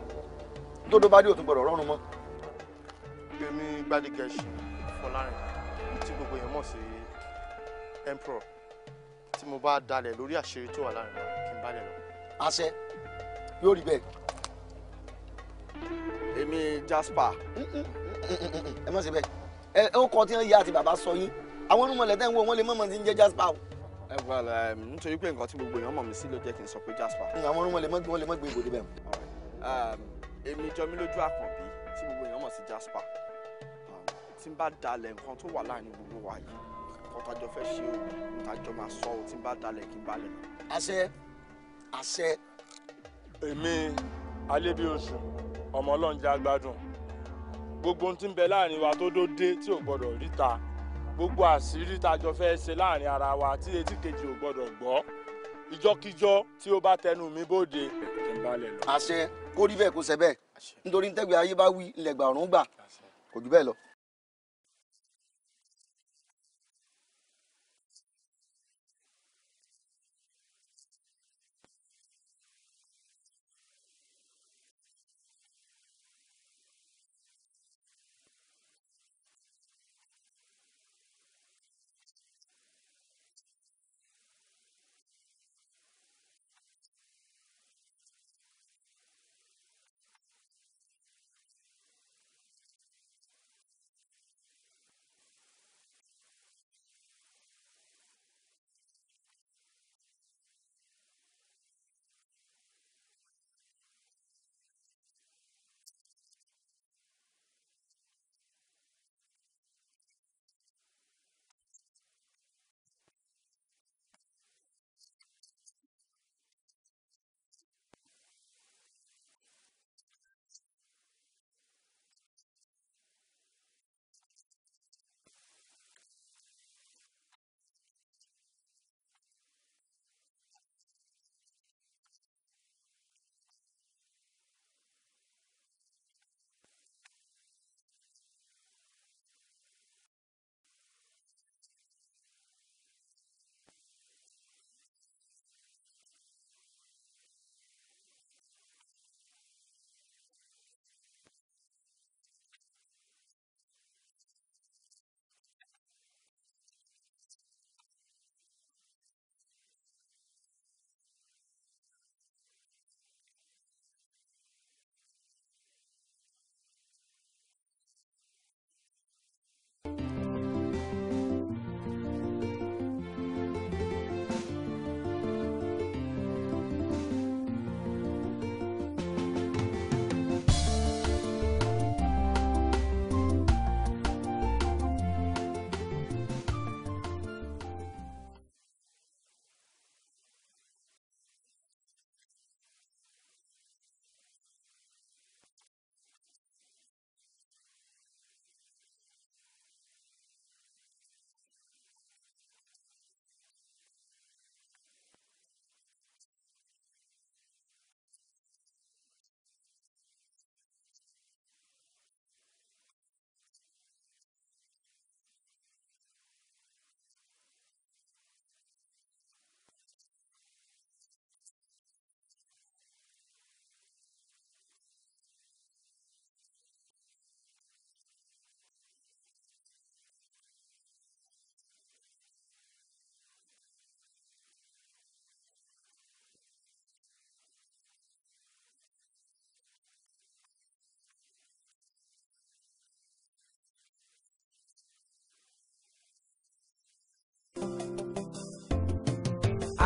tódó bá dé òtún gbọ́dọ̀ rọrùn mọ́. Yẹmí Gbádégẹṣin Fọlárin tí gbogbo èèyàn mọ̀ sí emperor tí mo bá dalẹ̀ lórí àṣírí tó wà láàrin wa kí n bá lẹ̀ lọ. àṣẹ yóò rí bẹ́ẹ̀. èmi Jasper. ẹ mọ̀ sí bẹ́ẹ̀ ẹ ó kọ́ tí wọ́n yá àti bàbá sọ yín àwọn onímọ̀lẹ́tẹ̀ ń wo wọ́n lè mọ̀mọ́ tí ń jẹ́ Jasper ẹ well um, nítorí pé nǹkan tí gbogbo èèyàn mọ̀ mí sí ló jẹ́ kí n sọ pé Jasper. àwọn ọmọ lè mọ́ lè mọ́ gbé ibòde bẹ́ẹ̀. Um, èmi jọmí lójú àkànbí tí gbogbo èèyàn mọ̀ sí Jasper um, tí n bá dalẹ̀ nǹkan tó wà láàrin gbogbo wa yìí nǹkan tájọ fẹ́ ṣe o tájọ máa sọ o tí n bá dalẹ̀ kí n balẹ̀. àṣẹ àṣẹ. èmi alébíoṣù ọmọ ọlọ́run jẹ́ agbádùn gbogbo ohun tí ń bẹ láàrin wa tó dó dé tí ò gbọ́dọ̀ ríta gbogbo àṣírí tájọ fẹ́ ṣe láàrin ara wa tí etí kejì ò gbọ́dọ̀ gbọ́ ìjọkíjọ tí ó bá tẹnu mi bóde àṣẹ kó rí kó ṣe bẹ́ẹ̀ nítorí ntẹ́gbẹ̀ẹ́ ayé bá wí ilẹ̀ gbà kò jù bẹ́ẹ̀ lọ.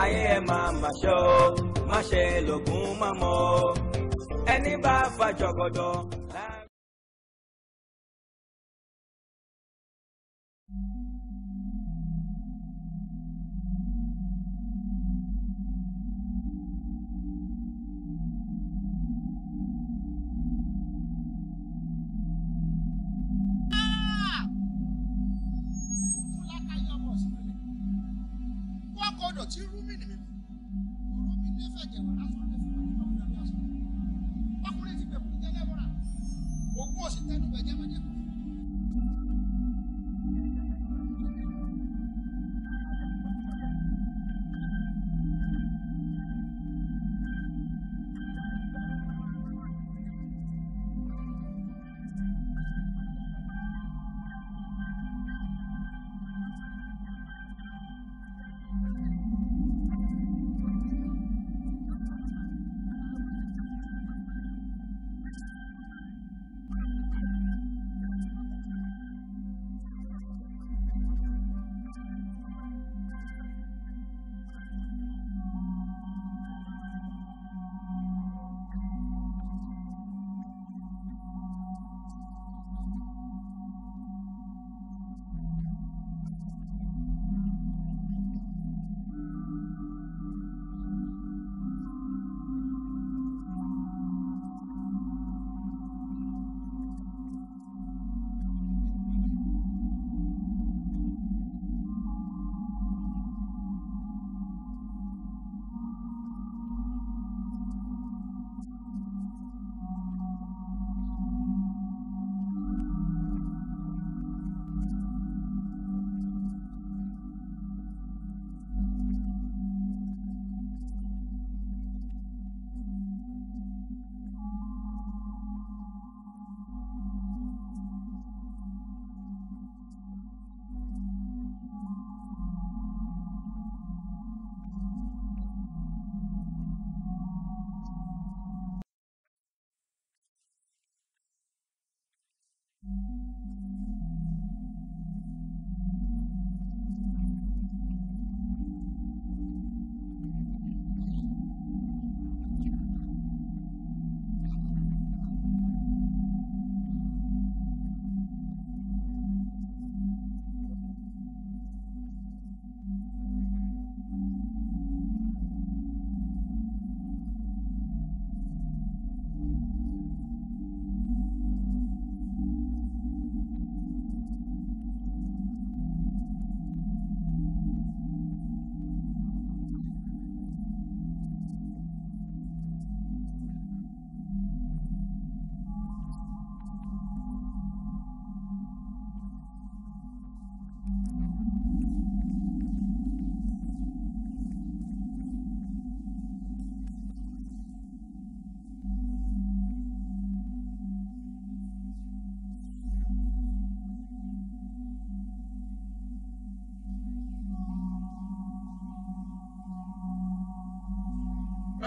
ayé ẹ máa mà ṣọ́ má ṣe lògùn má mọ́ ẹni bá fàjọgọdọ.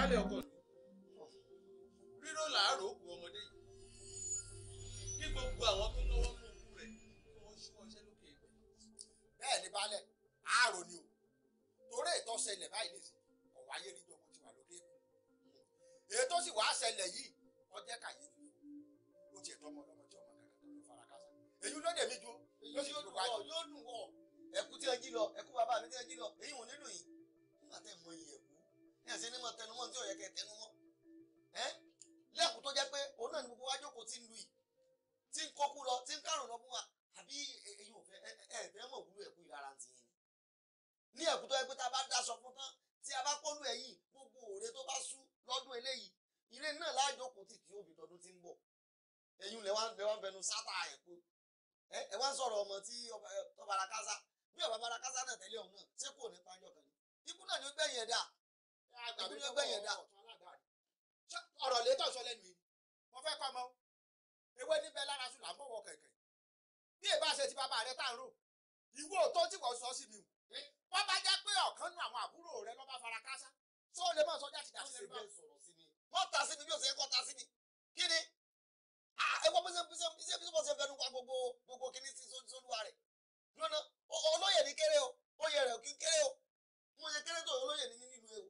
baálé ọkọ. sí ní mọ tẹnumọ́ tí ò yẹ kẹ tẹnumọ́ ẹ lẹ́kùn tó jẹ́ pé òun náà ni gbogbo wa jókòó tí ń lu yìí tí ń kókú lọ tí ń kárùn lọ fún wa àbí ẹ̀yin ò fẹ́ ẹ fẹ́ mọ̀ òwúrò ẹ̀kú ìlara ti yẹn ni ní ẹ̀kú tó yẹ pé tá a bá daṣọ fún tán tí a bá kọlu ẹ̀ yìí gbogbo òre tó bá sú lọ́dún eléyìí ilé náà lájókòó tì tí òbí tọdún ti ń bọ̀ ẹ̀yin lẹ wá ń bẹ wá ń bẹnu sátà ẹ̀kú ẹ wá ń sọ̀rọ̀ ọmọ tí ọba arakásá bí ọba arakásá náà tẹ́lẹ̀ ọ̀hún náà ṣé kò ní panjọ kan ní ikú náà ni ó gbẹ̀yìn ẹ̀dá àbí ló gbẹ̀yìn dà ọ̀rọ̀ létọ̀ sọ lẹ́nu yìí mo fẹ́ kọ́ ọmọ ewé níbẹ̀ lára sùn là ń bọ̀wọ̀ kẹ̀kẹ́ bí èbá ṣe ti bàbá rẹ tá à ń rò ìwọ tó tí wọ́n sọ sí mi wọ́n bá jẹ́ pé ọ̀kan nu àwọn àbúrò rẹ lọ́ bá fara káásá tó lè má sọ jáde dà sí mi. wọ́n ta sí mi bí o ṣe é kọ́ ta sí mi kí ni ẹwọ́ bí ṣe bí ṣe bí ṣe bí ṣe fẹnu pa gbogbo gbogbo kí ni sí sóluwa rẹ̀ lọ́nà olóyè ní kéré o oyè rẹ̀ kí kéré o mo ṣe kéré tó olóyè ní nínú ewu.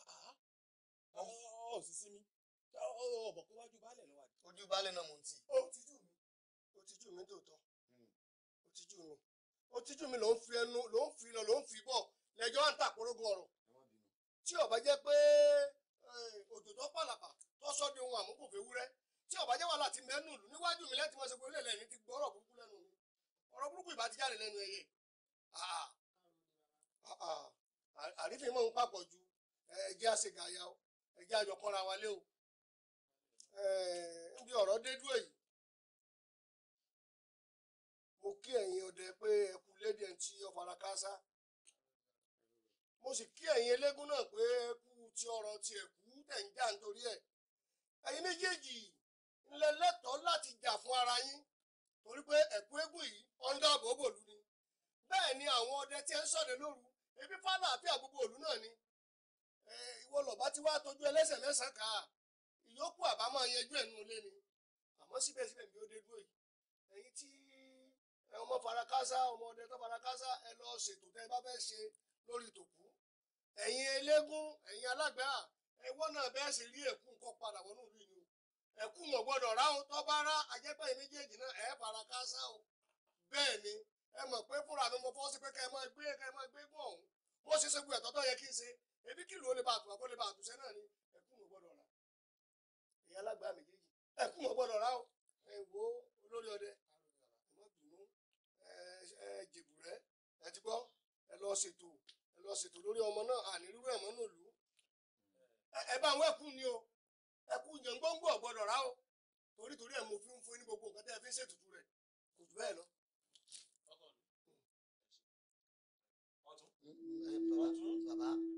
òsìsí mi ọ̀bọ̀ pé wájú baálẹ̀ ló wà. ojú baálẹ̀ náà mo ń tì. ó tijú mi ó tijú mi tòótọ́ ó tijú mi hmm. ó tijú mi ló ń fi ẹnu ló ń fi lọ ló ń fi bọ̀ lẹ́jọ́ ń tàkórógún ọ̀rọ̀ tí ó bá jẹ́ pé eh, òjò tó pàlàpà tó sọ di ohun àmúkòfé wúrẹ́ tí ó bá jẹ́ wàhálà ti mẹ́nu ìlú níwájú mi lẹ́tí mo ṣe pé ilé lẹ́yìn ti gbọ́ ọ̀rọ̀ burúkú lẹ́nu mi ọ̀rọ̀ burúkú ìbá ti jáde lẹ́nu àrífín mọ́ ń papọ̀ ju eh, ẹ̀jẹ̀ àṣegàyà o ẹ̀jẹ̀ àjọ kọ́ra wa lé o níbi ọ̀rọ̀ dédú èyí mo kí ẹ̀yin ọdẹ pé ẹ kú lédè tí ó fara káásá mo sì kí ẹ̀yin eléégún náà pé ẹ kú ti ọ̀rọ̀ ti ẹ̀kú tẹ̀ ń jà nítorí ẹ̀ ẹ̀yin méjèèjì ńlẹ̀ lẹ́tọ̀ọ́ láti jà fún ara yín torí pé ẹ̀kú eégún yìí ọ̀ndà bòbòlù ni bẹ́ẹ̀ ni àwọn ọdẹ tí ẹ ń ṣọdẹ lóru ebi fálà àti náà ni ìwọ lọ̀bá tí wàá tọ́jú ẹlẹ́sẹ̀ lẹ́sàn-án ká ìyókù àbámọ̀ yẹjú ẹ̀nu ilé ni àmọ́ síbẹ̀síbẹ̀ bí ó dé dúró yìí ẹ̀yin tí ọmọ farakásá ọmọ ọdẹ tó farakásá ẹ lọ ṣètò tẹ́ ẹ bá fẹ́ ṣe lórí tòkú ẹ̀yin eléégún ẹ̀yin alágbá ẹwọ́ náà bẹ́ẹ̀ sì rí ẹ̀kú nǹkan padà wọnú ìlú yìí o ẹ̀kú wọn gbọ́dọ̀ ráhùn tó bá rá ajẹ́pẹ́ méjèèjì náà ẹ̀ farakásá o bẹ́ẹ̀ ni ẹ mọ̀ pé fúnra mi mo fọ́ sí pé kẹ́ ẹ máa gbé kẹ́ ẹ máa gbé gùn ọ̀hún mo ṣe ṣe gbé ẹ̀tọ́ tó yẹ kí n ṣe ebi kìlú ó lè bá àtùwà kó lè bá àtùsẹ́ náà ni ẹkún mọ̀ gbọ́dọ̀ rà ìyá alágbà méjèèjì ẹkún mọ̀ gbọ́dọ̀ rà ó ẹ olórí ọdẹ àmọ́ dùnú ẹ jèbùrẹ́ ẹ lórí ọmọ náà ẹ̀mọ́ náà lù ú bá ni o ẹkún yẹn gbọ́ngbọ́ ọ̀gbọ́dọ̀ rà ó torí torí fún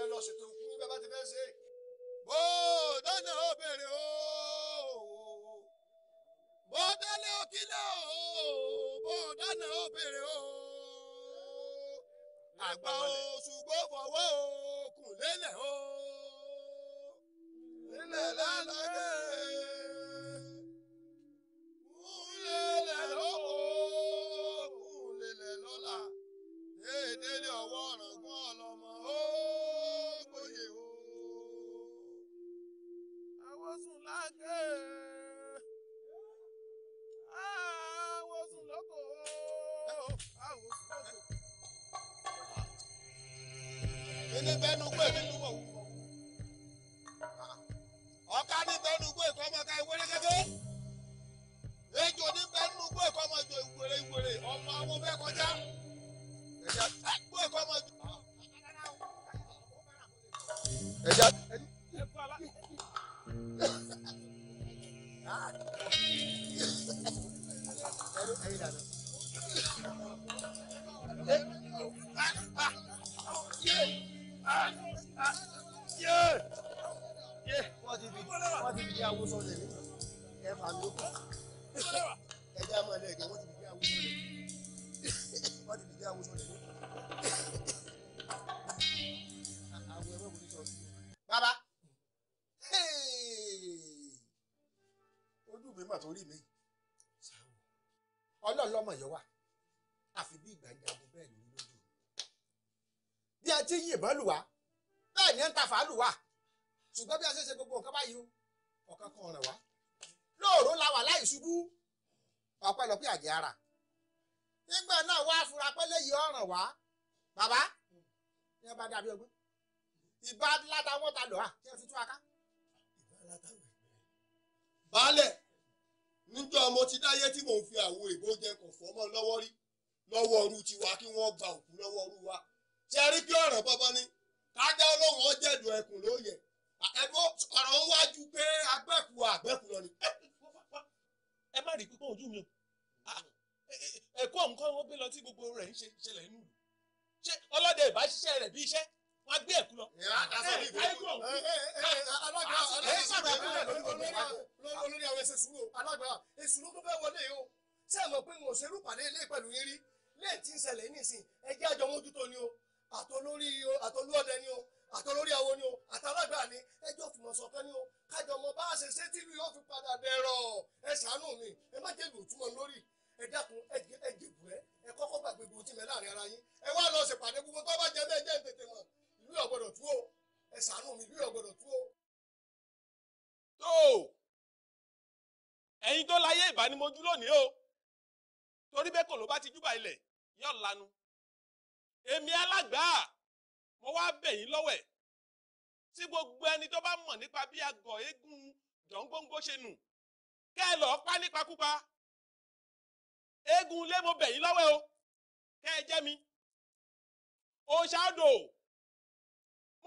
ẹ lọ ṣètò ikú bí bàbá ti fẹ́ ṣe. bó dáná ó béèrè o bó délé ó kílẹ̀ o bó dáná ó béèrè o àgbà o ṣùgbọ́n fọwọ́ o lélẹ̀ o lélẹ̀ lálẹ́. ọmọ yẹn wà àfi bí ìgbà jagun bẹ́ẹ̀ lórí lójú bí a ti ń yìnbọn lù wá bẹ́ẹ̀ ni ẹ̀ ń ta fàá lù wá ṣùgbọ́n bí a ṣe ṣe gbogbo nǹkan báyìí o ọ̀kan kan rẹ̀ wá lóòró la wà láì ṣubú ọ̀pẹ̀lọpẹ̀ àjẹ́ ara nígbà náà wá fura pẹ́lẹ́ yìí ọ̀ràn wá bàbá ni wọ́n bá dàbí ọgbẹ́ ìbá ńlá wọ́n ta lọ́à ọlọ́run fi àwọn òyìnbó jẹ kọ̀fọ́ rí lọ́wọ́ ọrú tiwa kí wọ́n gba òkú lọ́wọ́ ọrú wa ṣe rí pé ọ̀rọ̀ bọ́bọ́ ni kájá ọlọ́run ọjẹ́dùn ẹkùn ló yẹ ẹgbẹ́ ọ̀rọ̀ ń wájú pé agbẹ́kù àgbẹ́kù lọ ni. ẹ má rí pípọ́n ojú mi o ẹ̀kọ́ nǹkan wọn gbé lọ tí gbogbo rẹ̀ ń ṣẹlẹ̀ nínú ṣé ọlọ́dẹ ìbáṣiṣẹ́ rẹ̀ bí iṣẹ́ wọ́n gbé ẹ̀kú lọ. alága olórí àwọn ẹsẹ̀ sùúrù alága èsùrù tó fẹ́ wọlé o ṣé ẹ mọ̀ pé mo ṣerú pàdé ilé pẹ̀lú yín rí léè tí ń ṣẹlẹ̀ nísìn ẹ jẹ́ àjọ mójútó ni o àtolórí o àtolúọdẹ ni o àtolórí àwọn ni o àtàlágbà ni ẹjọ́ fìmọ̀ ṣọ̀kan ni o kájọ ọmọ bá a ṣe ṣe tí yóò fi padà dẹ̀rọ̀ ẹ ṣàánú mi ẹ má jẹ́ lòtúmọ̀ lórí ẹ dákun ẹ dìbò ẹ ẹ kọ́kọ́ gbàgbé gbòó láàrin ara yín ẹ wá lọ ṣèpàdé gbogbo tó bá jẹ bẹ́ẹ̀ jẹ́ tètè mọ̀ ìlú yóò gbọ́dọ̀ tú mi ìlú yóò gbọ́dọ̀ tó o tó láyé ìbánimojú lónìí o torí bẹ́ẹ̀ kò ló bá ti júbà ilẹ̀ yóò lanu èmi alágbà mo wá bẹ̀ yín lọ́wọ́ tí gbogbo ẹni tó bá mọ̀ nípa bí agọ̀ eégún dọ̀ngbóngbó ṣe nù kẹ́ ẹ lọ́ọ́ pa nípakúpa eégún lé mo bẹ̀ yín lọ́wọ́ o kẹ́ ẹ jẹ́ mi òṣàdò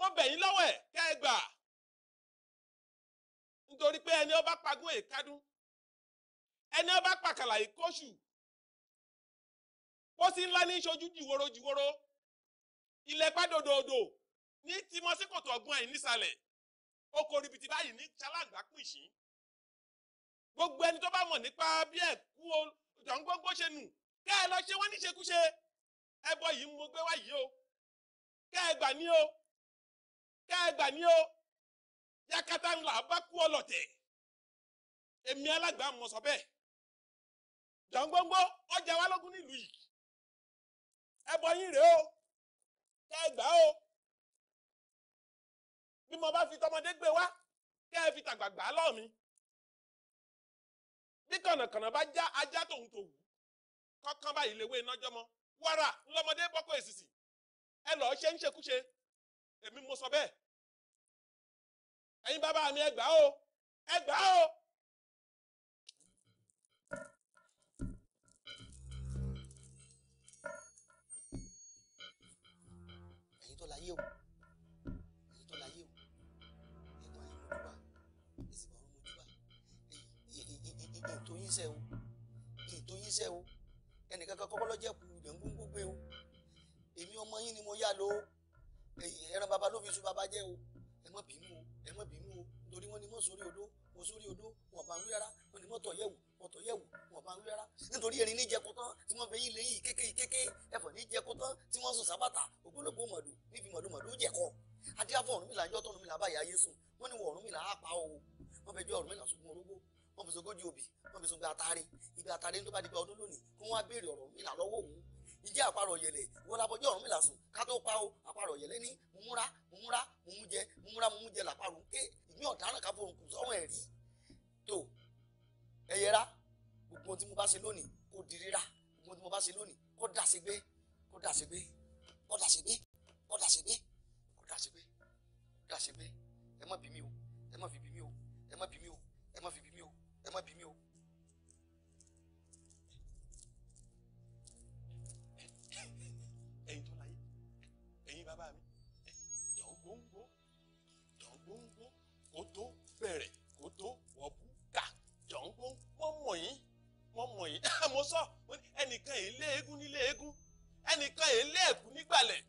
mo bẹ̀ yín lọ́wọ́ ẹ̀ kẹ́ ẹ gbà nítorí pé ẹni ọba pagún èkádún ẹni ọba pàkàlà ìkóṣù pósí ńlá ní ṣojú jìwòrò jìwòrò ilẹ̀ pàdòdòdò ní tìmọ̀ sí kòtò ọ̀gbun ẹ̀yìn nísàlẹ̀ oko ribiti báyìí ní ṣalágbá pín gbogbo ẹni tó bá mọ̀ nípa bí ẹ̀kú ọ̀dọ̀ǹgbọ́ngbọ́ lọ ṣe wọ́n yìí mo gbé o kẹ́ ẹ gbà ní kẹ́ ẹ o yakata ńlá bá kú ọlọ́tẹ̀ èmi alágbà mọ̀ sọ ọjà wa lógún nílùú yìí ẹbọ yín o kẹgba o bí mo bá fi tọmọdé gbé wá kẹ́ fi mi bí kànàkànà bá já ajá tòun tòun kọ́kàn báyìí léwé iná jọmọ wàrà ńlọmọdé èmi mo sọ bẹ́ẹ̀ ẹ̀yin bàbá mi ẹ gbà o ẹ gbà o. ẹ̀yin tó láyé o ẹ̀yin tó láyé o ẹ̀kọ́ ayé mo dúbà ẹ̀sìn ọ̀run mo dúbà ètò yín sẹ́ o ètò yín sẹ́ o ẹnìkan kan kọ́kọ́ lọ́jẹ́ kù ìdẹ̀ngúngún gbé o èmi ọmọ yín ni mo yá lọ ẹran baba ló fi sun baba jẹ́ o ẹ má bínú o ẹ má bínú o nítorí wọ́n ní mọ́ sórí odó mo sórí odó wọ́n bá ń rí rárá wọ́n ní mọ́ tọ̀ yẹ̀wò wọ́n tọ̀ yẹ̀wò wọ́n bá ń rí rárá nítorí erin ní jẹko tán tí wọ́n fẹ́ yín lẹ́yìn kéke kéke ẹ̀fọ́ ní jẹko tán tí wọ́n sùn sábàtà ògbólógbò mọ̀dù níbi mọ̀dù mọ̀dù jẹ̀kọ́ adíyàfọ̀ Ọ̀rúnmìlà ń yọ́tọ̀ Ọ̀rúnmìlà báyà yé sùn wọ́n ní wọ́n Ọ̀rúnmìlà á pa o wọ́n fẹ́ jẹ́ Ọ̀rúnmìlà sunkún orógbó wọ́n fi sogójì òbí wọ́n fi sungbẹ́ atare ìgbà ìjẹ́ àparọ̀ yẹlẹ̀ ìwọ labọjú ọ̀run mìlá sùn ká tó pa ó àparọ̀ yẹlẹ̀ ní múmúra múmúra múmújẹ múmúra múmújẹ làparọ̀ ké ìmí ọ̀daràn ká forùn kù sọ́wọ́n ẹ̀ rí tó ẹ yẹra gbogbo tí mo bá ṣe lónìí kó di rírà gbogbo tí mo bá ṣe lónìí kó dà sí gbé kó dà sí gbé kó dà sí gbé kó dà sí gbé kó dà sí gbé kó dà sí gbé ẹ má bí mi o ẹ má fi bí mi o ẹ má bí mi o ẹ má fi bí mi o ẹ má bí mi o bẹ̀rẹ̀ kó tó wọ́pù ká jọ̀ǹgbó wọ́n mọ̀ yín wọ́n mọ̀ yín mo sọ ẹnìkan yìí lé eégún nílé eégún ẹnìkan yìí lé ẹ̀kún nígbàlẹ̀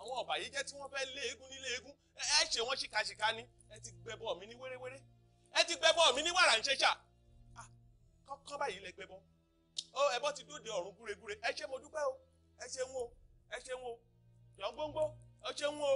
àwọn ọ̀bàyéjẹ́ tí wọ́n fẹ́ lé eégún nílé eégún ẹ ṣe wọ́n ṣìkàṣìkà ni ẹ ti gbẹbọ mi ní wéréwéré ẹ ti gbẹbọ mi ní wàrà ń ṣẹṣà kọ́kọ́ báyìí lẹ gbẹbọ ó ẹbọ ti dóde ọ̀run gúregúre ẹ ṣé mo dúpẹ́ o ẹ ṣeun o ẹ ṣeun o jọ̀ǹgbóǹgbó ẹ ṣeun o.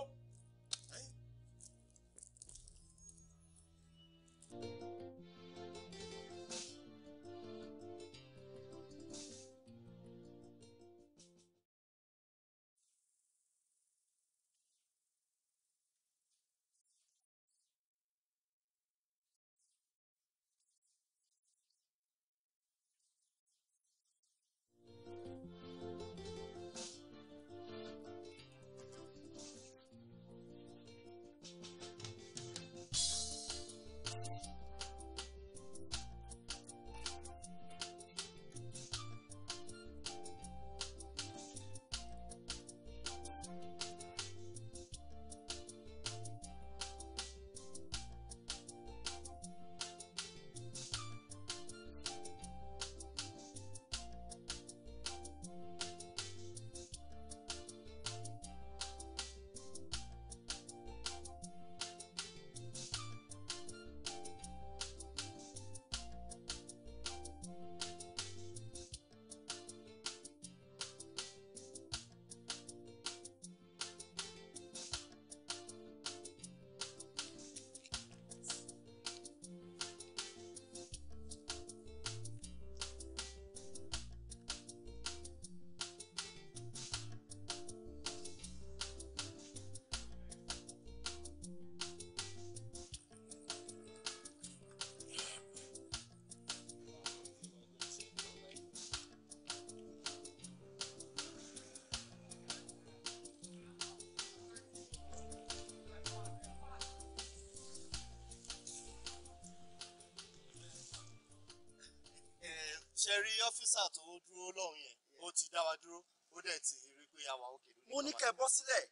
ṣe rí ọ́físà tó dúró lọ́hùn yẹn ó ti dá wa dúró ó dẹ̀ ti rí pé àwa òkè lónìí. mo ní kẹ́ bọ́ sílẹ̀.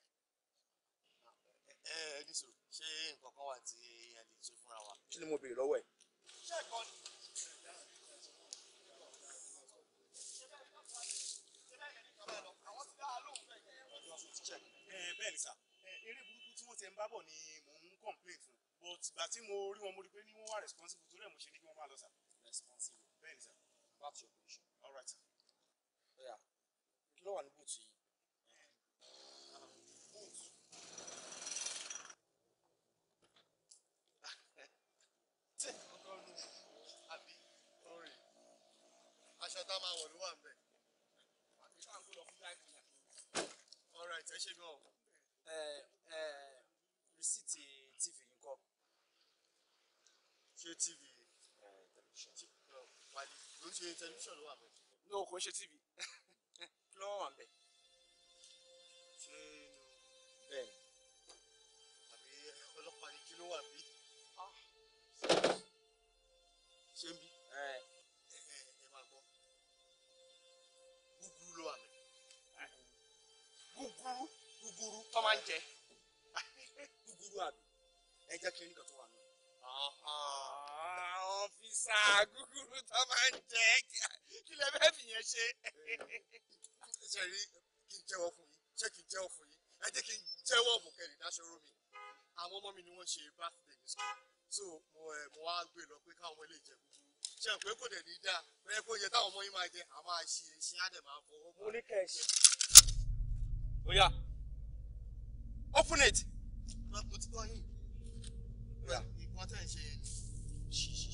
ẹ ẹ nísòro ṣé nǹkan kan wà tí ẹ lè ṣe fúnra wa. kí ni mo béèrè lọ́wọ́ ẹ. tá a wọ̀ ló wà nbẹ̀. all right ẹ ṣe gan o. ẹ ẹ rìsíìtì tv yìí kọ. ṣé tv wálé ló ń ṣe tẹlifíṣàn ló wà nbẹ̀. ní o kò ń ṣe tv kí ló wà nbẹ̀. ń ṣe birthday ní school so mo ẹ eh, mo wá gbé lọ pé káwọn ọmọ ilé ìjẹ gbogbo ṣe pé kò dẹ̀ ní dáa bẹ́ẹ̀ kó yẹ táwọn ọmọ yín máa jẹ a máa ṣe ṣe á dẹ̀ máa fọwọ́ mọ́. mo ní kẹ́ ó yá open it. mo ti gbọ́ yín. ìgbọ́n tẹ̀ ń ṣe yẹn ni.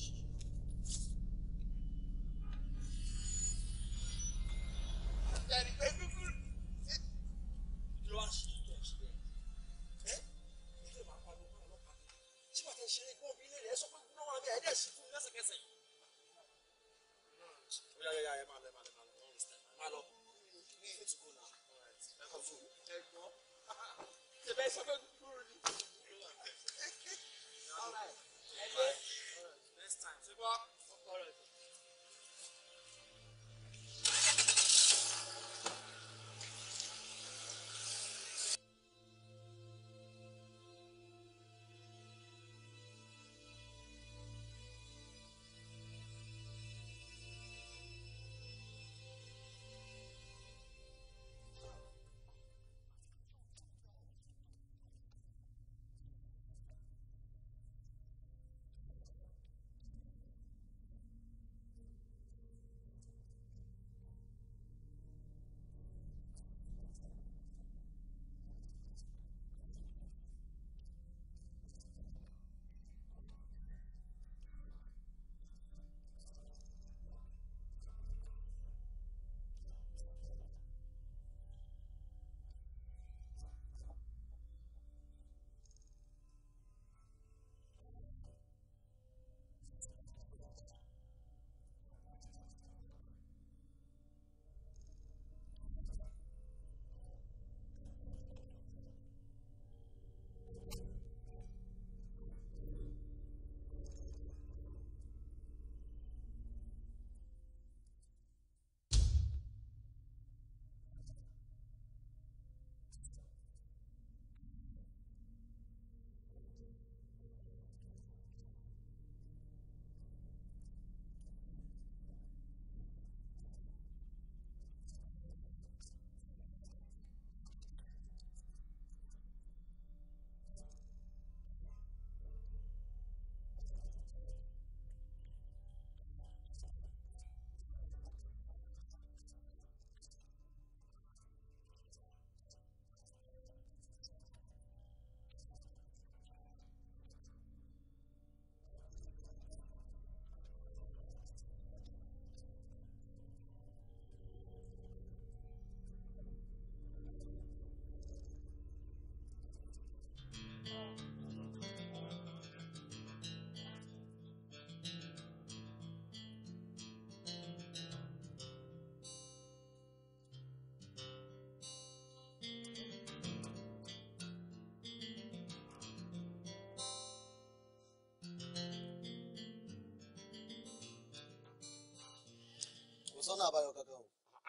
sọ́nà àbáyọ kankan o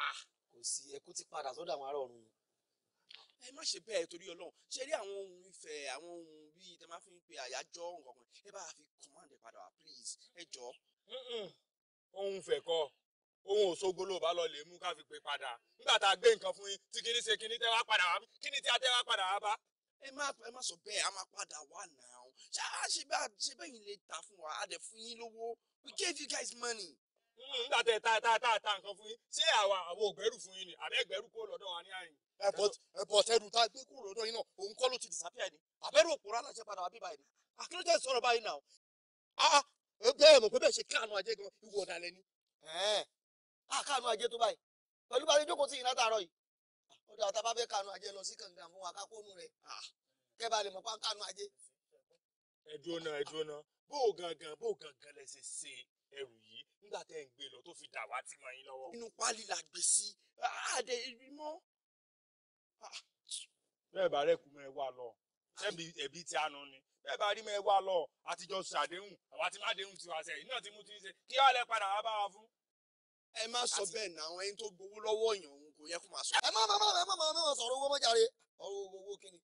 ah, kò sí ẹkú ti padà sọ́dọ̀ àwọn ará ọ̀run. ẹ má ṣe bẹ́ẹ̀ torí ọlọ́run ṣe rí àwọn ohun ìfẹ́ àwọn ohun bíi tẹ́ máa fi ń pe àyájọ́ nǹkan kan ẹ bá fi command padà wá please ẹ jọ. ohun ìfẹ́ kọ́ ohun òṣogbo ló bá lọ lè mú ká fi pe padà nígbà tá a gbé nǹkan fún yín tí kìíní ṣe kìíní tẹ́ wá padà wá kìíní tí a tẹ́ wá padà wá bá. ẹ má ẹ má sọ bẹ́ẹ̀ a máa padà wá náà ṣe bẹ́ẹ̀ yín lè ta fún wa a dẹ̀ fún yín lówó we gave you guys money. Mm-hmm. nígbà tẹ ta ta ta ta nǹkan fún yín ṣé àwa àwọn ògbẹ́rù fún yín ni àbẹ́ ẹgbẹ́rù kó lọ́dọ̀ wa ní àyìn. ẹ̀bọ̀ tẹ́lu tá a gbé kúrò lọ́dọ̀ yín náà òun kọ́ ló ti disappear ni àbẹ́rù òpòrò aláṣẹ padà wà bí báyìí ni akérèjẹ sọ̀rọ̀ báyìí náà ah bẹ́ẹ̀ mọ̀ pé bẹ́ẹ̀ ṣe káànù ajé gan ìwọ ọ̀dàlẹ̀ ni káànù ajé tó báyìí pẹ̀lú bá a ti jókòó sí ìyìnlá tààrọ̀ yìí ọ̀dọ̀ àtàbá fẹ́ káànù ajé lọ sí kànga fún wa kákónú rẹ̀ kẹ́ bá lè mọ̀ pa káànù ajé. ẹ̀dùn náà ẹ̀dùn náà bó o gangan bó o gangan lẹ ṣe ṣe ẹrù yìí nígbà tẹ́ ń gbé lọ tó fi dà wá tì mọ́ yín lọ́wọ́. inú pálí la gbé sí àdé ibi mọ́. bẹ́ẹ̀ bá rẹ̀ kú mọ́ ẹ wá lọ ṣebí ẹbí tí a nù ni bẹ́ẹ̀ bá rí mọ́ ẹ wá lọ àtijọ́ ṣàdéhùn àwa ti má déhùn tiwa sẹ́yìn náà ti mú ti ṣe kí wàá lẹ padà wá bá wa fún. ẹ má sọ bẹ́ẹ̀ náà àwọn ẹni tó gbowó lọ́wọ́ èèyàn òun kò yẹ kó máa sọ. ẹ má má má má má sọ̀rọ̀ owó mọ́jà rẹ̀ ọ̀rọ̀ owó kíni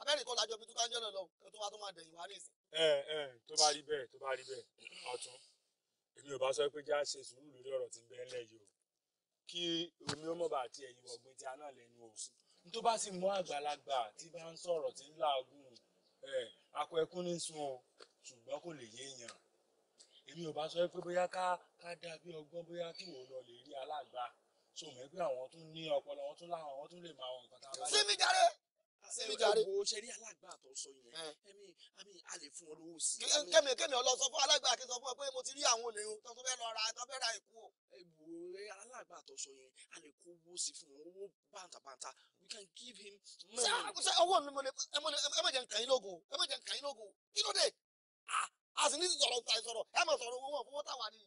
abẹ́rẹ́ kan lájọ bí túká ń jọ́nà lọ kí tó wá tó máa dẹ̀yìn wá ní ìsìn. ẹ ẹ tó bá rí bẹ́ẹ̀ tó bá rí bẹ́ẹ̀ ọ̀tún èmi ò bá sọ pé já ṣe sùúrù lórí ọ̀rọ̀ tí ń bẹ ńlẹ̀ yìí o kí omi ó mọ̀ bá àti ẹ̀yìn ọ̀gbìn tí a náà lẹ́nu o n tó bá sì mú àgbàlagbà tí bá ń sọ̀rọ̀ tí ń làágùn ẹ akọ ẹkún ní sun o ṣùgbọ́n kò lè yéèyàn èmi ò bá sọ pé bóyá ká ká dá bí ọgbọ́n bóyá kí wò lọ lè rí alágbà so mọ̀ àwọn tún ní ọpọlọ wọn tún láwọn wọn tún lè máa wọn nǹkan tá a bá yẹ. sí mi jàre síbi jàre. ẹ wo ṣe rí alágbà sọ yẹn ẹmi àmì a lè fún ọ lówó sí. kẹ́mi fún alágbà kí n sọ fún ọ pé mo ti rí àwọn olè tó tó fẹ́ lọ ra tó fẹ́ ra ìkú o. ẹ wo alágbà tó sọ yẹn a kó owó sí fún owó bàǹtàbàǹtà we can give him money. ṣé ọwọ́ mi mo lè ẹ mo lè ẹ má nǹkan yín lógun ẹ má nǹkan yín lógun kí ló dé a sì ní sọ̀rọ̀ sọ̀rọ̀ ẹ mọ̀ sọ̀rọ̀ owó wọn fún wọn táwa nìyí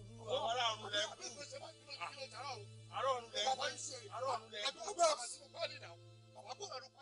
wọ́n wọ́n àrùn lẹ̀ kú àrùn lẹ̀ kú àrùn lẹ̀ kú.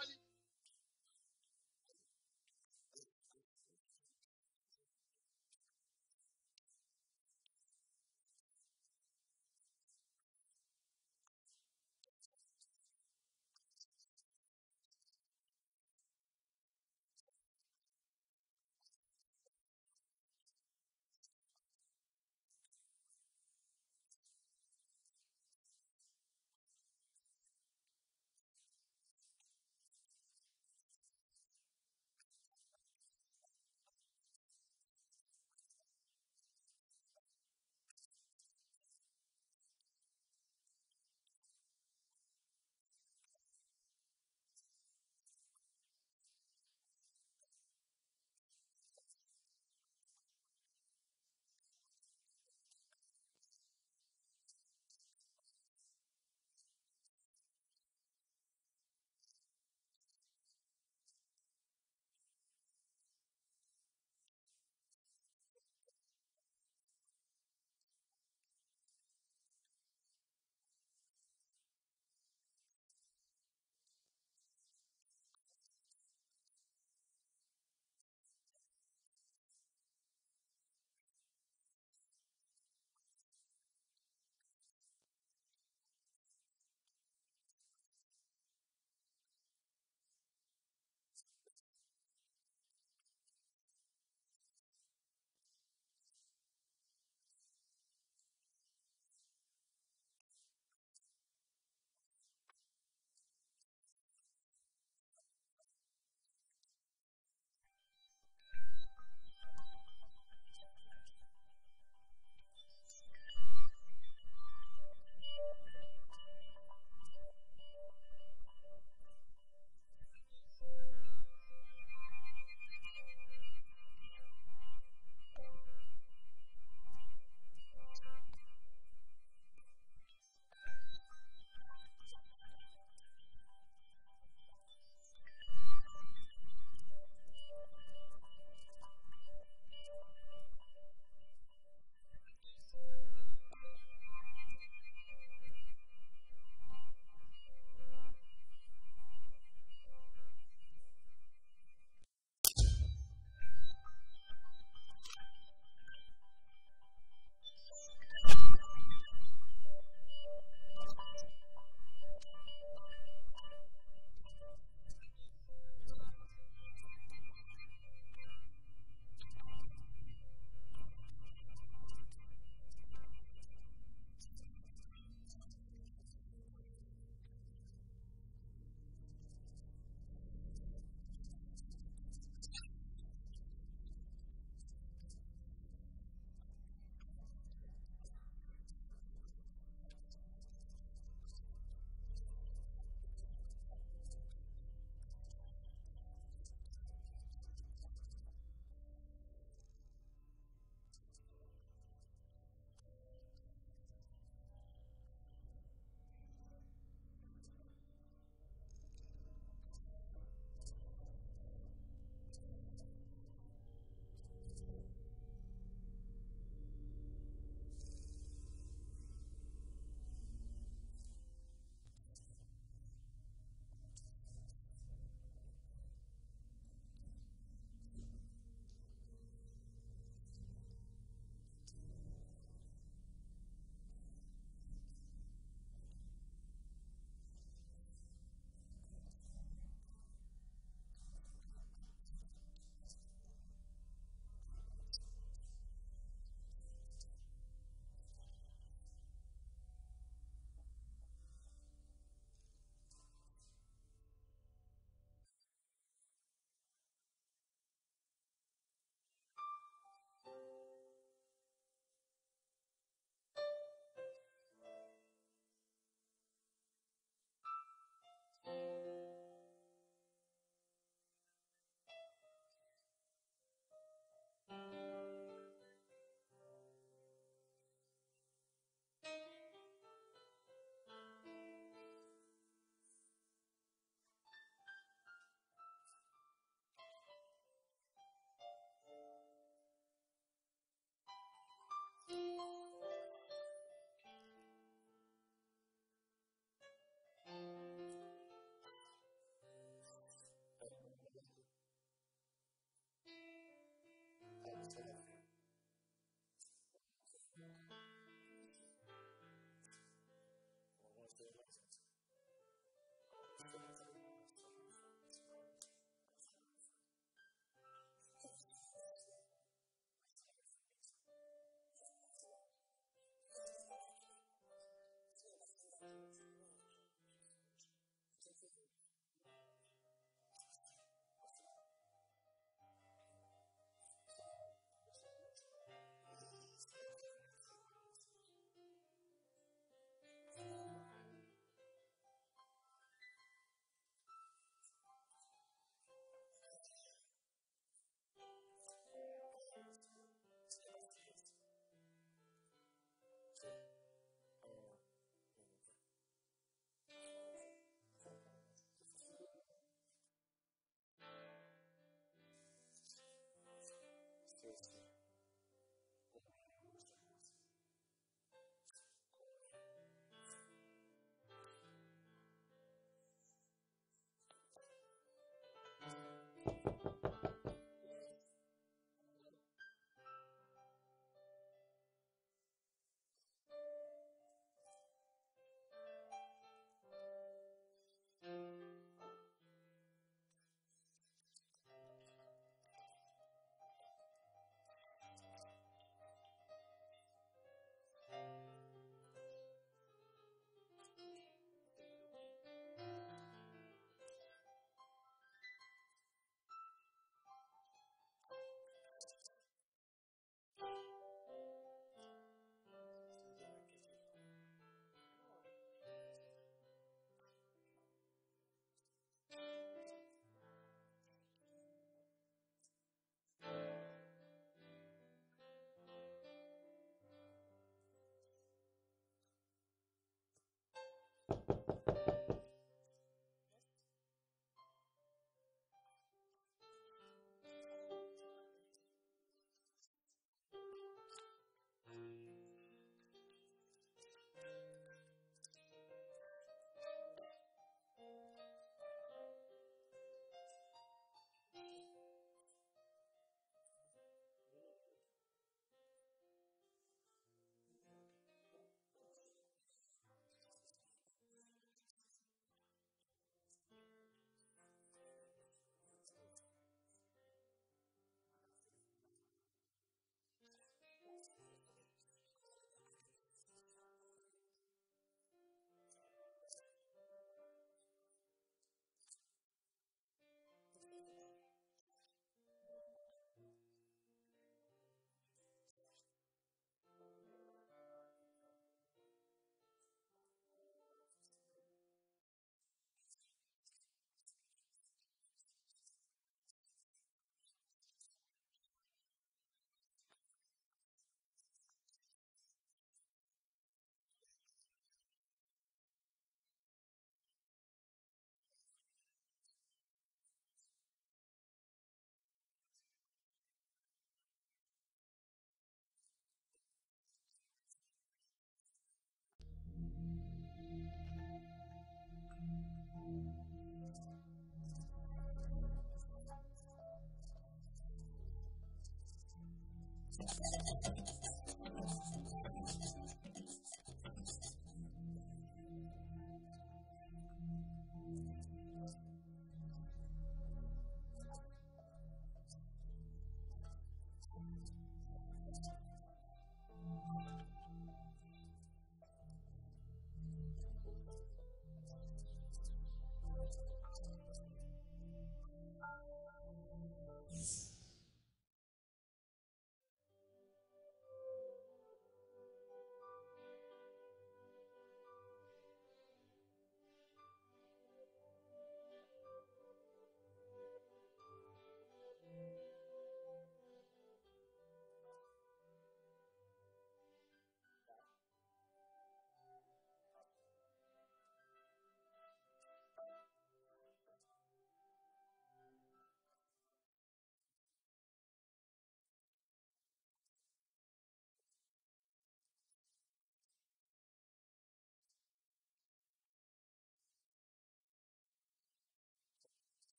Thank you.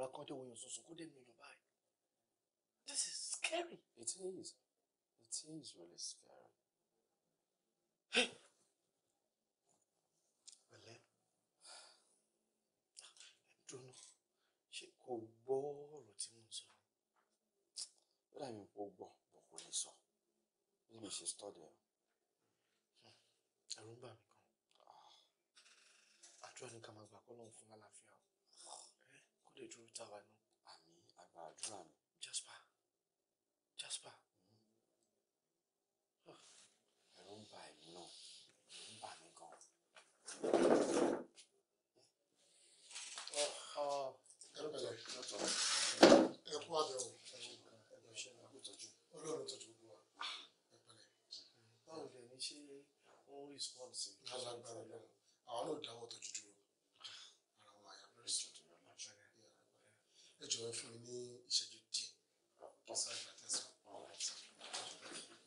ọ̀rá kan tó wọ̀nyàn sọ̀sọ̀ kó dé This is scary. It is. It is really scary. Hey. Well, ṣé kò gbọ́ ọ̀rọ̀ tí mo ń sọ? Bọ́dà mi kò gbọ́, bọ̀ kò lè sọ. Bí mi ṣe stọ́dẹ̀ ọ́. Hmm. Ẹ̀rù ń bà mí gan. Ah. Àdúrà ni ká máa gbà lè dúró táwa nù. àmì àgbà àdúrà mi. Jasper Jasper. Hmm. ẹ̀rù ń bà èmi náà ẹ̀rù ń bà mí gan. ẹ kú àbẹ̀wò ọlọ́run tó tó gbọ́ báwo lè ní ṣe ń respond sí. alágbára lọ àwọn náà dáwọ́ tó jù máa ń fún mi ní ìṣẹ́jú díẹ̀. ọ̀sán ìgbà tẹ̀sán.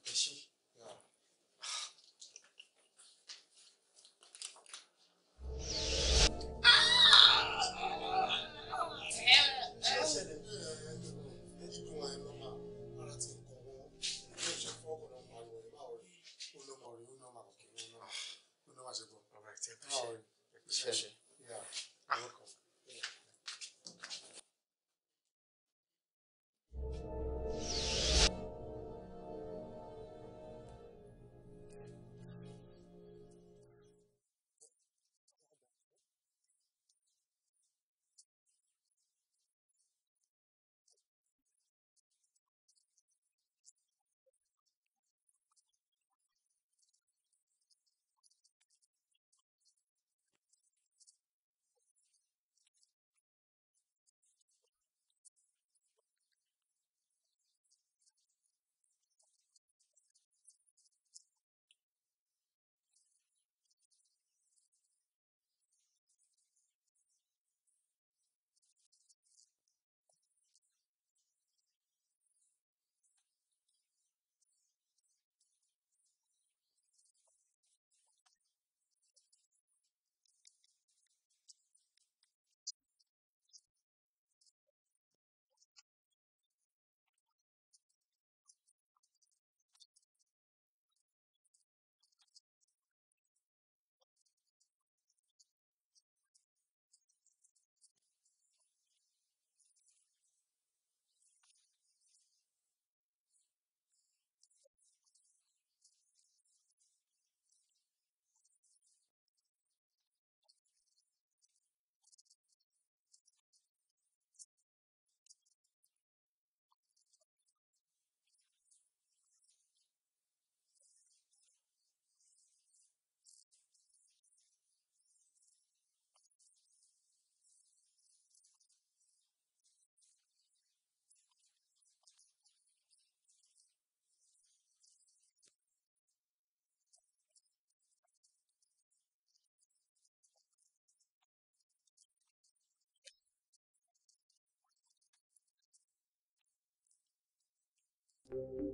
ẹ ṣe. All right, I appreciate it. Thank you.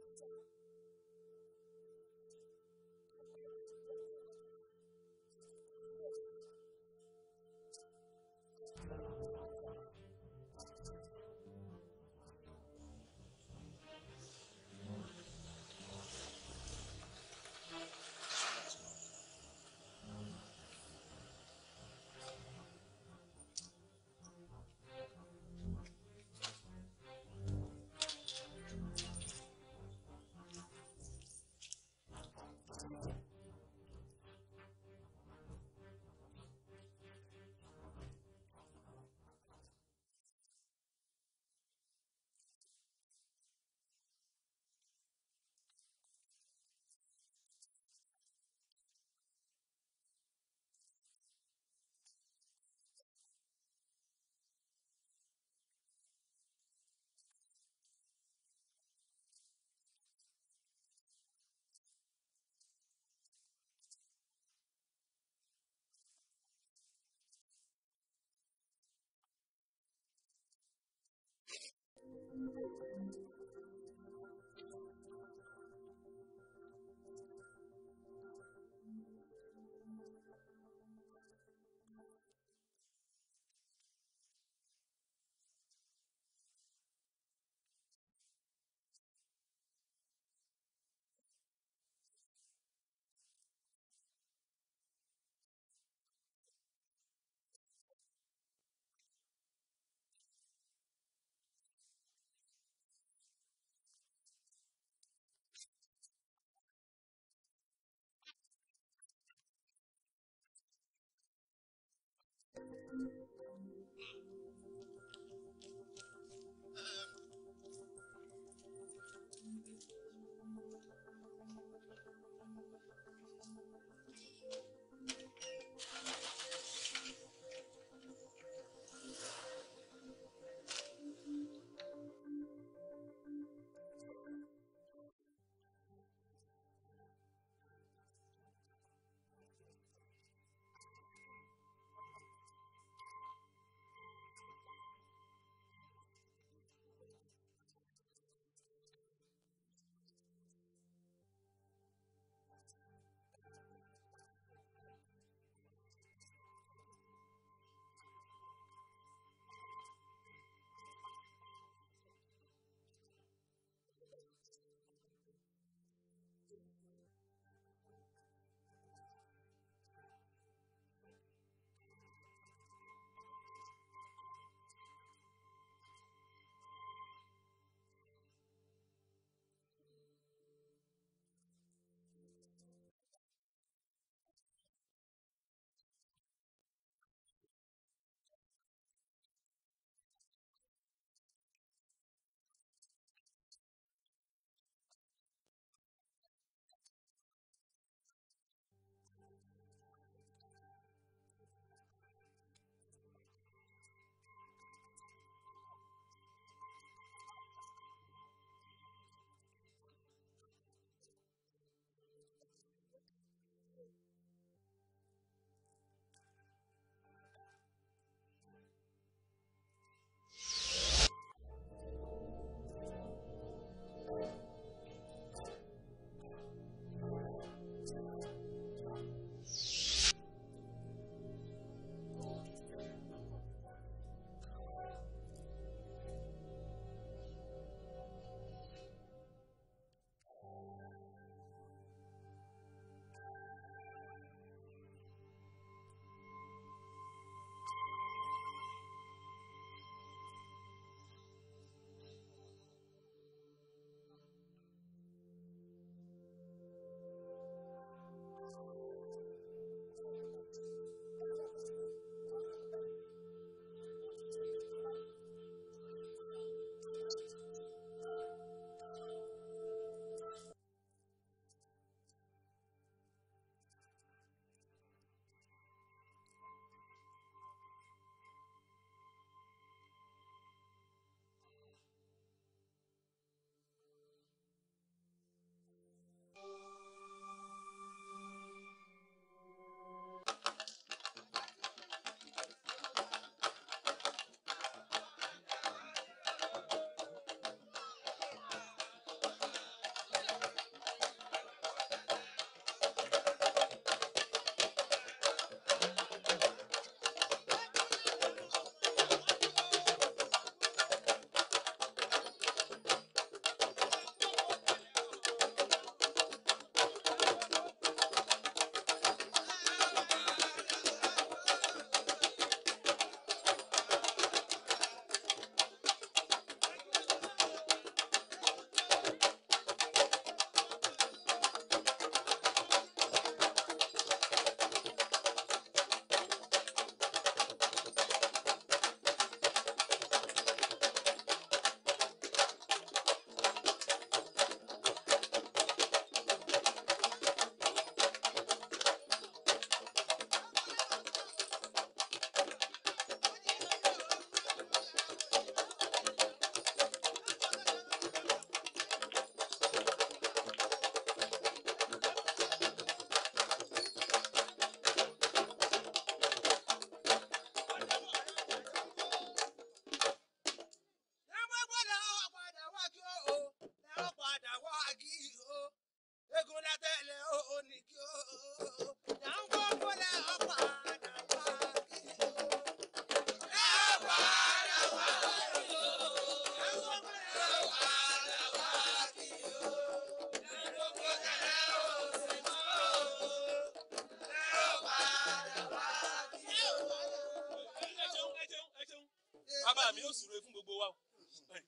bàbá mi yóò súre fún gbogbo wa o. bàbá mi.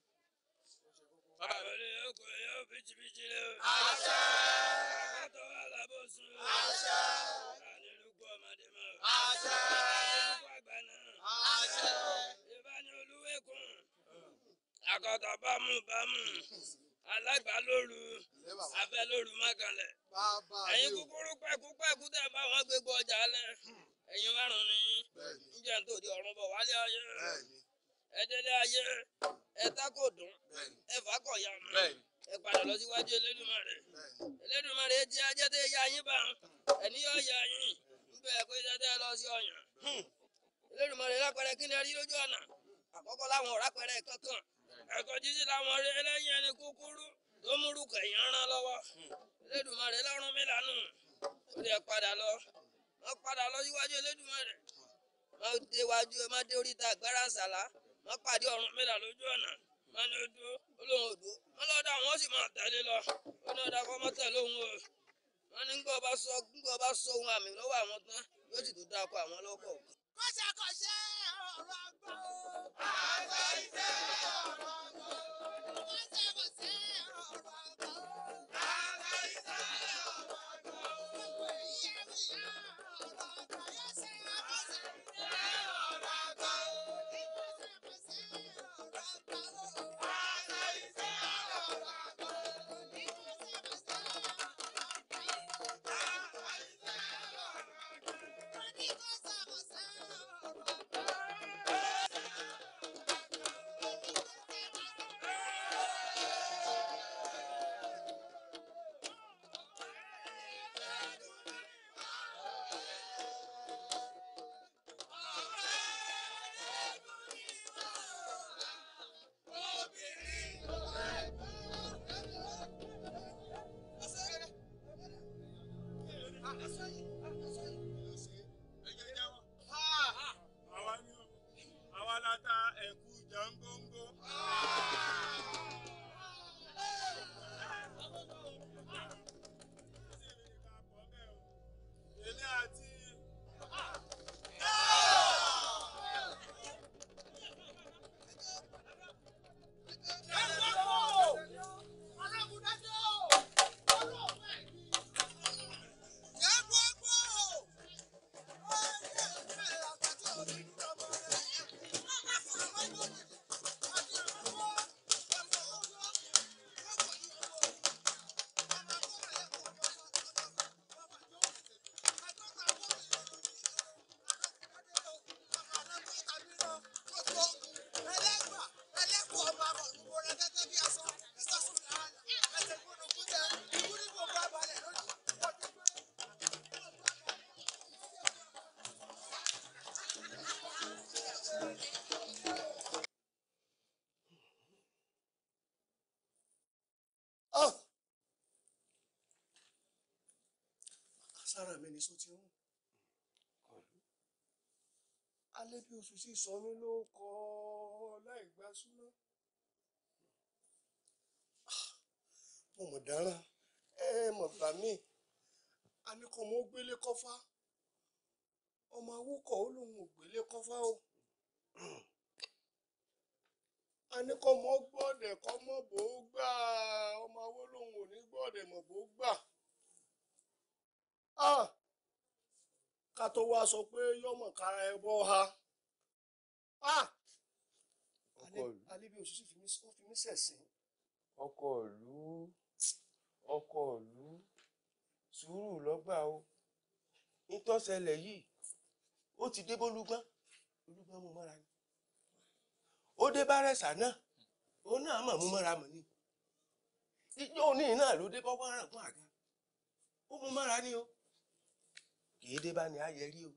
àwọn ọkọ yóò lé o. àṣẹ. àtọ alábòsùn. àṣẹ. àlelúkọ ọmọdé mọ. àṣẹ. àlelúkọ àgbà náà. àṣẹ. ìbáni olúwẹ̀kùn. àkọ́tọ̀ bámú bámú alágbà lóru abẹ lóru mọ́kànlẹ̀ ẹ̀yin kúkúrú pẹ̀kú pẹ̀kú tẹ̀ bá wọn gbégbó ọjà lẹ̀ ẹ̀yin márùn-ún ní ń jẹ́ nítorí ọ̀run bọ̀ wálé ọyẹ́ ẹdẹlẹ ayé ẹta kò dùn ẹfà kò yá ẹ padà lọ síwájú Elédùmarè Elédùmarè ti ajẹ tẹ ya yín bá ẹni yóò ya yín nígbà ẹ pé tẹtẹ lọ sí ọyàn hmm. Elédùmarè lápẹrẹ kí ni ẹ rí lójú ọ̀nà àkọ́kọ́ láwọn ọ̀rá pẹrẹ kankan ẹ̀kọ́ jíjí làwọn rí ẹlẹ́yìn ẹni kúkúrú tó múrú kẹ̀yìn rán lọ́wọ́ Elédùmarè lọ́rùn mi lànà ó lè padà lọ wọ́n padà lọ síwájú Elédùmarè má dé wájú má dé oríta pàdé ọrụ mẹ́ta lójú ọ̀nà wọn ni ojú olóhùn odò wọn lọ́dọ̀ àwọn ma máa lọ wọn ni ọ̀dà kọ́ mọ́ tẹ̀lé òun o wọn ni ńgbọ́ sọ ńgbọ́ bá sọ tán Asal sára mi ni sọ ti rún alẹ́ bí oṣù sí sọ mí ló ṣẹlẹ̀ yìí ó ti dé bólúgbọ́n olúgbọ́n mú mọ́ra ni ó dé bárẹ̀sà náà ó náà mọ̀ mú mọ́ra mọ̀ ni ijó ní náà ló dé bọ́wọ́ àga ó mú mọ́ra ni o kìí dé bá ní ayẹ rí o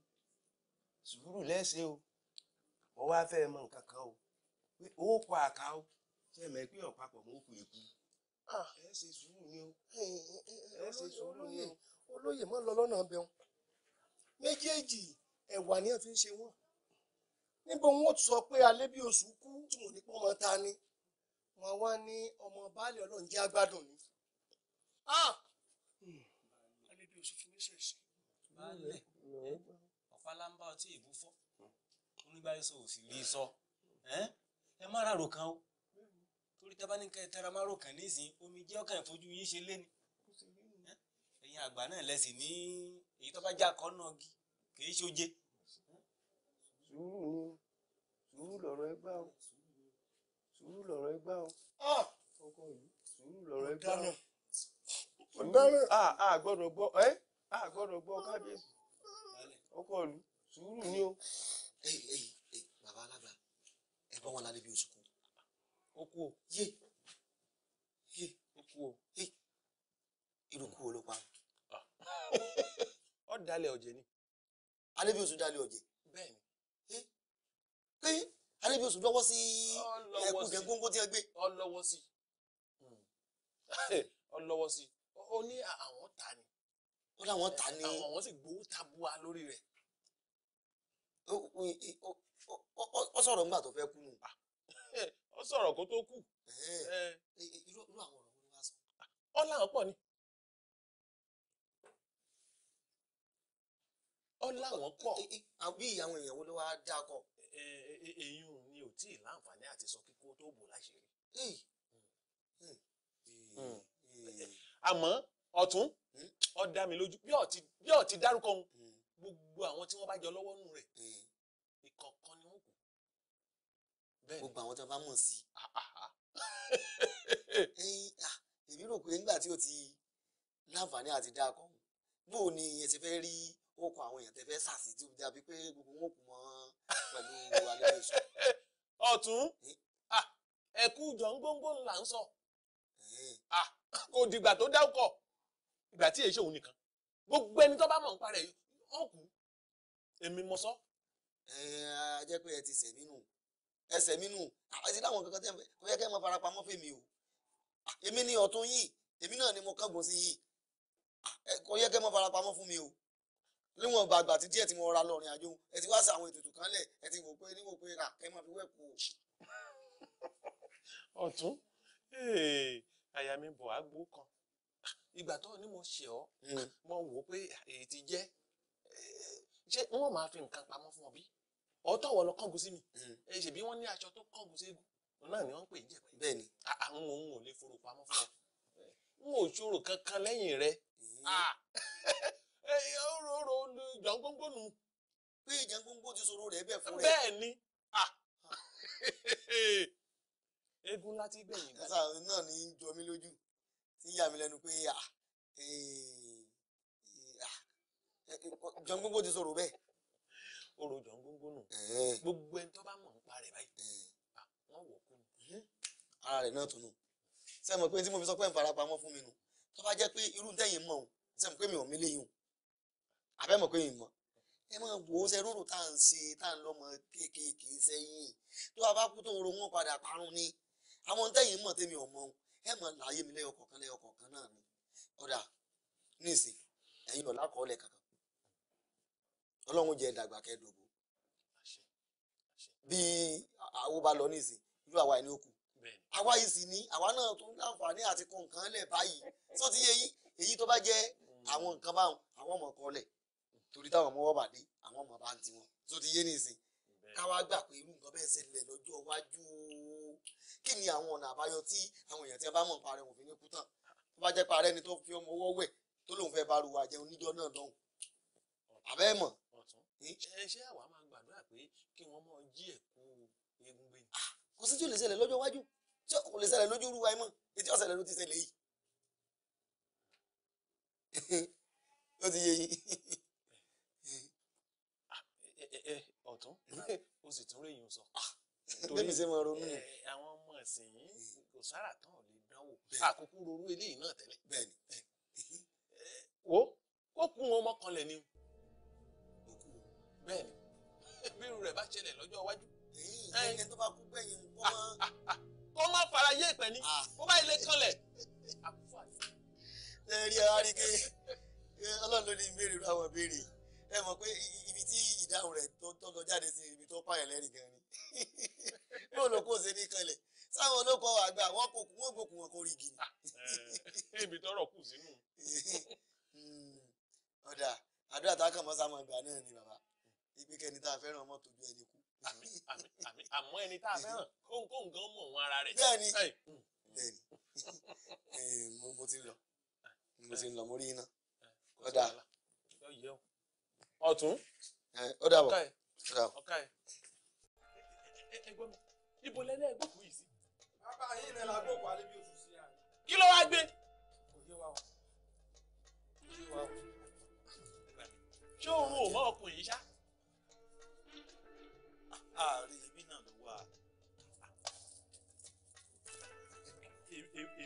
sùúrù lẹ́sẹ̀ o méjèèjì ẹ̀wà ni wọ́n fi ń ṣe wọ́n níbo wọn sọ pé alẹ́ bí oṣù kú tí wọn ò ní pọ́n máa ta ni wọn wá ní ọmọ baálé ọlọ́run jẹ́ agbádùn ni ah! hmm. alẹ́ bí oṣù fún mi ṣẹ̀ṣẹ̀. baálẹ̀ ọ̀pá lámbá ọtí ìbúfọ́ onígbàyẹsọ ò sì rí sọ ẹ má ràrò kan o torí tá a má rò kàn nísìnyí omi jẹ́ ọkàn ìfojú yín ṣe lé ni ẹ̀yin àgbà náà lẹ́sìn ní èyí tó bá já kan náà gi kì í ṣoje. sùúrù ni o sùúrù lọ̀rọ̀ ẹ gbá o sùúrù lọ̀rọ̀ ẹ gbá o ah! ọkọ yìí sùúrù lọ̀rọ̀ ẹ gbá o. ọ̀daràn a gbọ́dọ̀ gbọ́ ẹ́ a gbọ́dọ̀ gbọ́ kábíyèsí ọkọ ìlú sùúrù ni o. ẹyìn ẹyìn ẹyìn bàbá alága ẹ bá wọn lálẹ́ bí oṣù kan. ó kú o. yé ó kú o. irú kú wo ló pa. Ah. ọ dalẹ̀ ọ̀jẹ̀ ni. alébíosù dalẹ̀ ọ̀jẹ̀. bẹ́ẹ̀ni. pé alébíosù lọ́wọ́ sí ẹkùnkẹ góńgó tí ẹ gbé. ọ lọ́wọ́ sí ọ lọ́wọ́ sí ó ní àwọn ta ni. ó láwọn ta ni. àwọn sì gbowó tabua lórí rẹ̀. ó sọ̀rọ̀ ńgbà tó fẹ́ kú nù. Ah. ó sọ̀rọ̀ kó tó kú. Eh. irú àwọn ọ̀rọ̀ wo ni wàá sọ. ọ ah. láwọn pọ̀ ni. ọ láwọn pọ̀ àbí àwọn èèyàn wo ló wáá dákọ. eyín ni ò tí ì láǹfààní àti sọ kíkó tó bò láṣìírí. Hmm. àmọ́ ọ̀tún ó dá mi lójú bí ó ti dárúkọ òun gbogbo àwọn tí wọ́n bá jọ lọ́wọ́ nù rẹ̀ ìkọ̀ọ̀kan ni wọ́n kù. gbogbo àwọn tí wọ́n bá mọ̀ sí. èmi rò pé nígbà tí o ti láǹfààní àti dákọ bó o ní ẹ ti fẹ́ rí ó kọ àwọn èèyàn tẹ fẹ́ sàsì tí ó dàbí pé gbogbo wọn kù mọ́ pẹ̀lú alẹ́ ìṣọ́. ọ̀tún ẹ̀kú jọ ń gbóngbó ńlá ń sọ kò dìgbà tó dáwọ́kọ̀ ìgbà tí èso òun nìkan gbogbo ẹni tó bá mọ̀ nípa rẹ̀ ó kú èmi mọ sọ. ẹ ẹ jẹ́ pé ẹ ti sẹ̀ nínú ẹsẹ̀ nínú àwọn ti dáwọn kankan tẹ́ ẹ fẹ́ kẹ́ ẹ mọ farapamọ́ fèmí o èmi ni ọ̀tún yìí èmi náà ni mo kángun sí yìí kò yẹ kẹ́ ẹ mọ farapamọ́ fún mi o níwọ̀n ọba àgbà tí díẹ̀ tí mo ra lọ rìn àjò ẹ ti wá sí àwọn ètùtù kan lẹ̀ ẹ ti wò pé níwò pé rà kẹ́ máa fi wẹ̀ kú o. ọ̀tún àyà mi bọ̀ á gbó kan ìgbà tó ní mo ṣe ọ́ hmm. mo wò ó pé èyí ti jẹ́ eh, ṣé wọ́n máa fi nǹkan pamọ́ fún ọ bí ọ̀tọ̀ wọ̀ lọ kọ́gùn sí mi hmm. ṣèbí wọ́n ní aṣọ tó kọ́gùn sí egun náà ni wọ́n ń pè jẹ́ bẹ́ẹ̀ ni àwọn òun ò lè forò pamọ́ fún ọ n ò ṣòro kankan lẹ́yìn rẹ hmm. ah! ọ̀rọ̀ ọ̀rọ̀ jàǹgbóńgbò nù. pé jàǹgbóńgbò ti sọ̀rọ̀ rẹ̀ bẹ́ẹ̀ fún rẹ̀. bẹ́ẹ̀ ni egun láti gbẹ̀yìn gbà. ẹ̀sà náà ní í jọ mí lójú tí yà mí lẹ́nu pé jàǹgbóńgbò ti sọ̀rọ̀ bẹ́ẹ̀. ọ̀rọ̀ jàǹgbóńgbò nù gbogbo ẹni tó bá mọ̀ nípa rẹ̀ báyìí wọ́n wọ̀ kú ni. ara rẹ̀ náà tún nù sẹ́mi pé tí mo fi sọ pé ń farapamọ́ fún mi nù tó bá jẹ́ pé irú tẹ̀yìn mọ̀ sẹ́mi pé mi ò mí léyìn o àbẹ́mọ̀ pé ìmọ̀ ẹ máa wò ó ṣe rúrù tá à ń ṣe tá à ń lọ́mọ kéékèèké sẹ́yìn tó bá bá kú tó ń ro wọn padà parun ni àwọn tẹ́yìn mọ̀ tẹ́mi ọmọ ẹ mọ̀ láyé mi lẹ́yọ kọ̀ọ̀kan lẹ́yọ kọ̀ọ̀kan náà ni ọ̀dà níìsín ẹ̀yin ọ̀la kọ́ọ̀lẹ̀ kankan ọlọ́run jẹ́ ìdàgbà kẹ́ẹ̀dógó bí àwo bá lọ níìsín irú àwa ẹni ó kù àwa yìí ni àwa náà tún láǹfààní àti kọ̀ọ̀kan lẹ̀ báyìí sọ́tí èyí èyí tó bá jẹ́ mm. àwọn nǹkan báwọn àwọn ọmọ kọ́ọ̀lẹ̀ torí táwọn ọmọ wọ́n bà dé àwọn ọmọ bá ń tiwọn tó ti yé nìsín káwá gbà pé irú nǹkan bẹ́ẹ̀ ṣẹlẹ̀ lọ́jọ́ iwájú kí ni àwọn ọ̀nà àbáyọ tí àwọn èèyàn tí wọ́n bá mọ̀ parẹ́ wọn fi ní kú tán tó bá jẹ́ parẹ́ ni tó fi ọmọ ọwọ́ wẹ̀ tó lóun fẹ́ bá ruwa jẹun níjọ́ náà lọ́hùn àbẹ́ mọ̀. ẹ ṣé àwa máa gbàdúrà pé kí wọ́n mọ jí ẹ̀kú egun gbé. kò sí tí ò lè ṣẹlẹ̀ lọ́jọ́ iwájú tí kò lè ṣẹlẹ̀ lójú ruwa mọ́ etí ọ̀sẹ̀lẹ̀ ló Eh, eh, eh, ọ̀tún o sì tún réyìn sọ. bébí ah, ah, ṣe máa ronú. àwọn ọmọ ẹ̀sìn yìí hmm. kò sára tán ò lè dánwò àkókò ronú eléyìí náà tẹ́lẹ̀. bẹ́ẹ̀ni. wo ó kún ọmọ kan lẹ̀ ni o. bẹ́ẹ̀ni bírú rẹ̀ bá ṣẹlẹ̀ lọ́jọ́ iwájú. ẹyìn ẹni tó bá kú gbẹ̀yìn kó máa. kó máa fara yé ìpẹ́ ni ah. kó bá ilé kanlẹ̀. lẹ́ẹ̀rí aráríkẹ́ ọlọ́run ló ní ìbéèrè àwọn ìbéèrè ẹ mọ̀ pé ìdáhùn rẹ̀ tó lọ jáde sí ibi tó pààyàn lẹ́rìn gan ni bí olóko ṣe ní kanlẹ̀ sáwọn olóko àgbà wọn kò wọn gbòkù wọn kò rí igi ni. ibi tọrọ kù sínú. Hmm. ọ̀dà àdúrà tá a kàn mọ́ sáwọn ìgbà náà ni bàbá ibi kẹni tá a fẹ́ràn ọmọ tó ju ẹni kú. àmọ́ ẹni tá a fẹ́ràn kóńkóń gan mọ̀ wọn ara rẹ̀. bẹ́ẹ̀ni bẹ́ẹ̀ni eh, mo ti lọ mo ti lọ mo rí iná ọ̀dà. ọ̀tún. Eh, ó dàbọ̀ ó dàbọ̀. ibo lẹ́lẹ́ gbòkú yìí sí. bàbá yìí lẹ́la gbòkú alẹ́ bí oṣù sí àná. kí ló wá gbé. o kò ṣé oorun ò mọ ọkùnrin yìí ṣá. ààrẹ ibi náà ló wà. èmi ni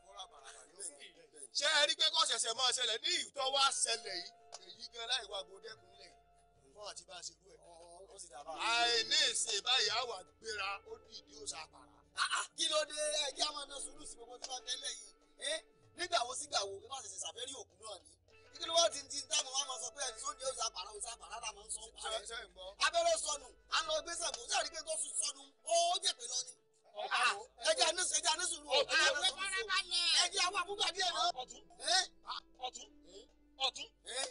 ṣé ẹ rí pé kó ṣẹ̀ṣẹ̀ máa ṣẹlẹ̀ ní ìtọ́ wá ṣẹlẹ̀ yìí èyí gan láì wá gbòdẹ́kùn lẹ̀ fún àti bá a ṣe rú ẹ̀. àìní ìsìn báyìí àwọn àgbéra ó dìde ó ṣàpàrà. Ah, ah, kí ló dé ẹjẹ́ àmọ́ náà sùúrù sí gbogbo tí wọ́n tẹ́lẹ̀ yìí eh, nígbà wo sígbà wo bí wọ́n ṣẹ̀ṣẹ̀ ṣàfẹ́rí òkú náà ni kí ló wá ti ti dáhùn wá máa sọ pé ẹ̀sùn ni ó ṣàpàrà ó ṣàpàrà là máa ń sọ. abẹ́rẹ́ sọnù àlọ́ gbèsè mọ̀ sí àrígbé tó sọnù ó jẹ̀pẹ̀ lọ ni ẹjẹ àánú ẹjẹ àánú sùúrù ẹjẹ àwọn àbúgbà díẹ̀ lọ. ọtún ọtún ọtún rẹ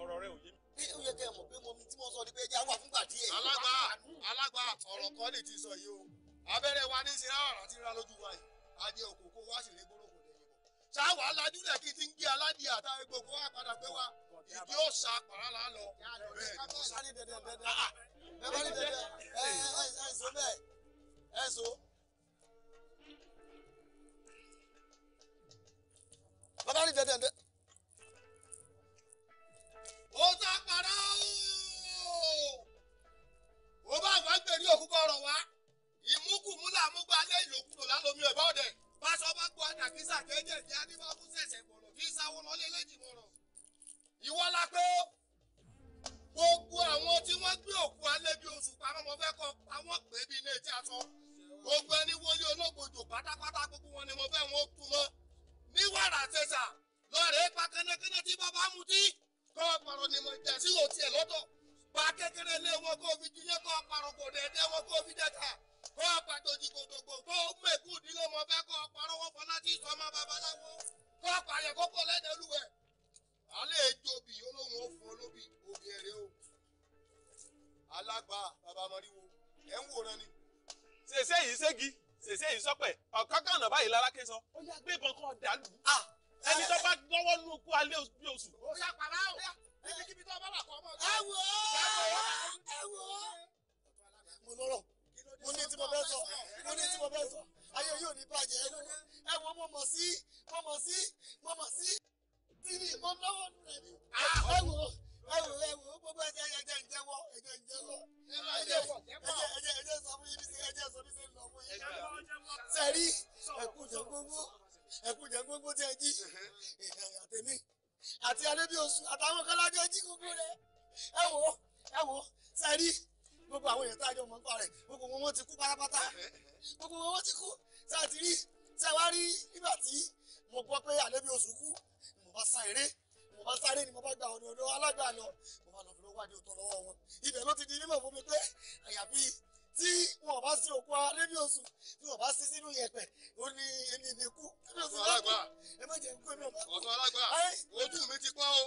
ò yé mi. bí ó yẹ kẹ́ ẹ pé mo mi tí mo sọ ni pé ẹjẹ àwọn àbúgbà díẹ̀. alágbà alágbà ọ̀rọ̀ kan lè ti sọ yìí o abẹ́rẹ́ wa ní sinra ọ̀rọ̀ àti ra lójú wa yìí adé òkòkò wá sì lè gbólókò lè yìnbọn. sáwà aládùúlẹ̀ kí ti ń gbé aládìí àtàwọn gbogbo wa padà wa ìdí òòṣà pàrọ̀ là ń lọ. bẹ́ẹ̀ ni ẹ bá ní bẹ̀rẹ̀ ẹ ẹ sọ bẹ́ẹ̀ ẹ sọ. bàbá ní bẹ̀rẹ̀ bẹ́ẹ̀. ó ta padà ó bá àgbà gbèrè òkú kọ̀ọ̀rọ̀ wá ìmúkùmú làmúgbà alẹ́ ìlòkulò lálómi ọ̀bá ọ̀dẹ̀ pásọ bá gbọ́ àdàkísà kéjèèjì á ní bá fún sẹ̀sẹ̀ bọ̀rọ̀ kí sáwọ́ lọ́lé lẹ́jì mọ̀rọ̀ ìwọ́lá pé ó gbogbo àwọn tí wọ́n gbé òkú alẹ́ bí oṣù pamọ́ mo fẹ́ kọ́ àwọn pè bí ilé tí a sọ gbogbo ẹni wọlé olóògbòjò pátápátá gbogbo wọn ni mo fẹ́ wọn tú mọ́ ní wàrà tẹ̀sà lọ́ọ̀rẹ́ pa kẹ́nẹ́kẹ́nẹ́ tí bàbá mu tí kọ́ ọ̀pọ̀rọ̀ ni mo jẹ́ sí òtí ẹ̀ lọ́tọ̀ pa kékeré lé wọn kó fi jíjẹ́ kọ́ ọ̀pọ̀rọ̀ kò dẹ̀ẹ́dẹ́ wọn kó fi jẹ́ta kọ́ ọ̀pàtòjì kòtòkò kó mẹ́kù ìdílé mo fẹ́ kọ́ ọ̀pọ̀rọ̀ wọn fọlá tí ìsọmọ babaláwo kọ́ ọ̀pàyẹ̀kọ́ pọ̀ lẹ́nu olúwẹ̀ẹ́ pàápàá bàbá mọ́ríwo ẹ̀ ń wòran ni. ṣèṣe yìí ségi ṣèṣe yìí sọpẹ ọkọ kànáà báyìí lálákẹ sọ ó yá gbé ìbọn kan dàlú. ẹni tó bá lọ́wọ́ nú okú alẹ́ bí oṣù. ó yá pàrọ̀ ó níbikíbi tó bá wà kọ́ ọmọ ọ̀gá. ẹ wò ó ẹ wò ó. mo lọ́rọ̀ mo ní tí mo fẹ́ sọ mo ní tí mo fẹ́ sọ ayé yóò ní bàjẹ́ ẹ wò mo mọ̀ sí mo mọ̀ sí mo mọ̀ sí tìrì mo lọ́wọ́ nù ni ah, ẹ wò ó ẹwù ẹwù gbogbo ẹjẹ ẹjẹ ń jẹ́wọ́ ẹjẹ ń jẹ́wọ́ ẹjẹ ẹjẹ ẹjẹ sọ fún yín níṣẹ́ ẹjẹ sọ níṣẹ́ lọ fún yín sẹrí ẹkú jẹ gbogbo ẹkú jẹ gbogbo tí ẹ jí àtẹmí àti adébíoṣù àtàwọn kọládé jí gbogbo rẹ ẹwọ ẹwọ ti rí nígbà tí mo gbọ́ pé àlébí oṣù kú mo bá sa eré bá sáré ni mo bá gba ọ̀nà ọ̀dọ́ alágbà lọ mo bá lọ fi wádìí òtọ́ lọ́wọ́ wọn ibẹ̀ ló ti di mímọ̀ fún mi pé àyàfi tí wọn bá sí òkú alẹ́ bí oṣù tí wọn bá sí sínú yẹ̀pẹ̀ ó ní èmi mi kú. ọ̀tún alágbà ẹ alágbà ojú mi ti pọ́n o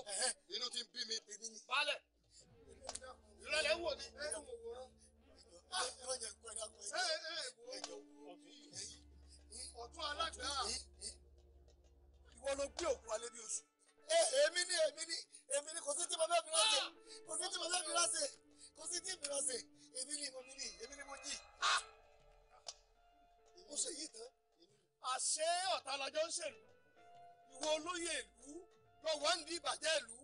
inú ti ń bí mi. balẹ̀ ìrọ̀lẹ́ wò ni. ẹ alágbà. ìwọ ló gbé òkú alẹ́ bí oṣù. Eh, èmi ni èmi ni èmi ni kò sí tí mo fẹ́ fi ránṣẹ́ kò sí tí mo fẹ́ fi ránṣẹ́ kò sí tí mi ránṣẹ́ èmi ni mo mi ni èmi ni mo jì. mo ṣe yìí tán. àṣé ọ̀tá lọ́jọ́ ń ṣèlú ìwọ olóyè ìlú lọ́wọ́ ń di ìbàjẹ́ ìlú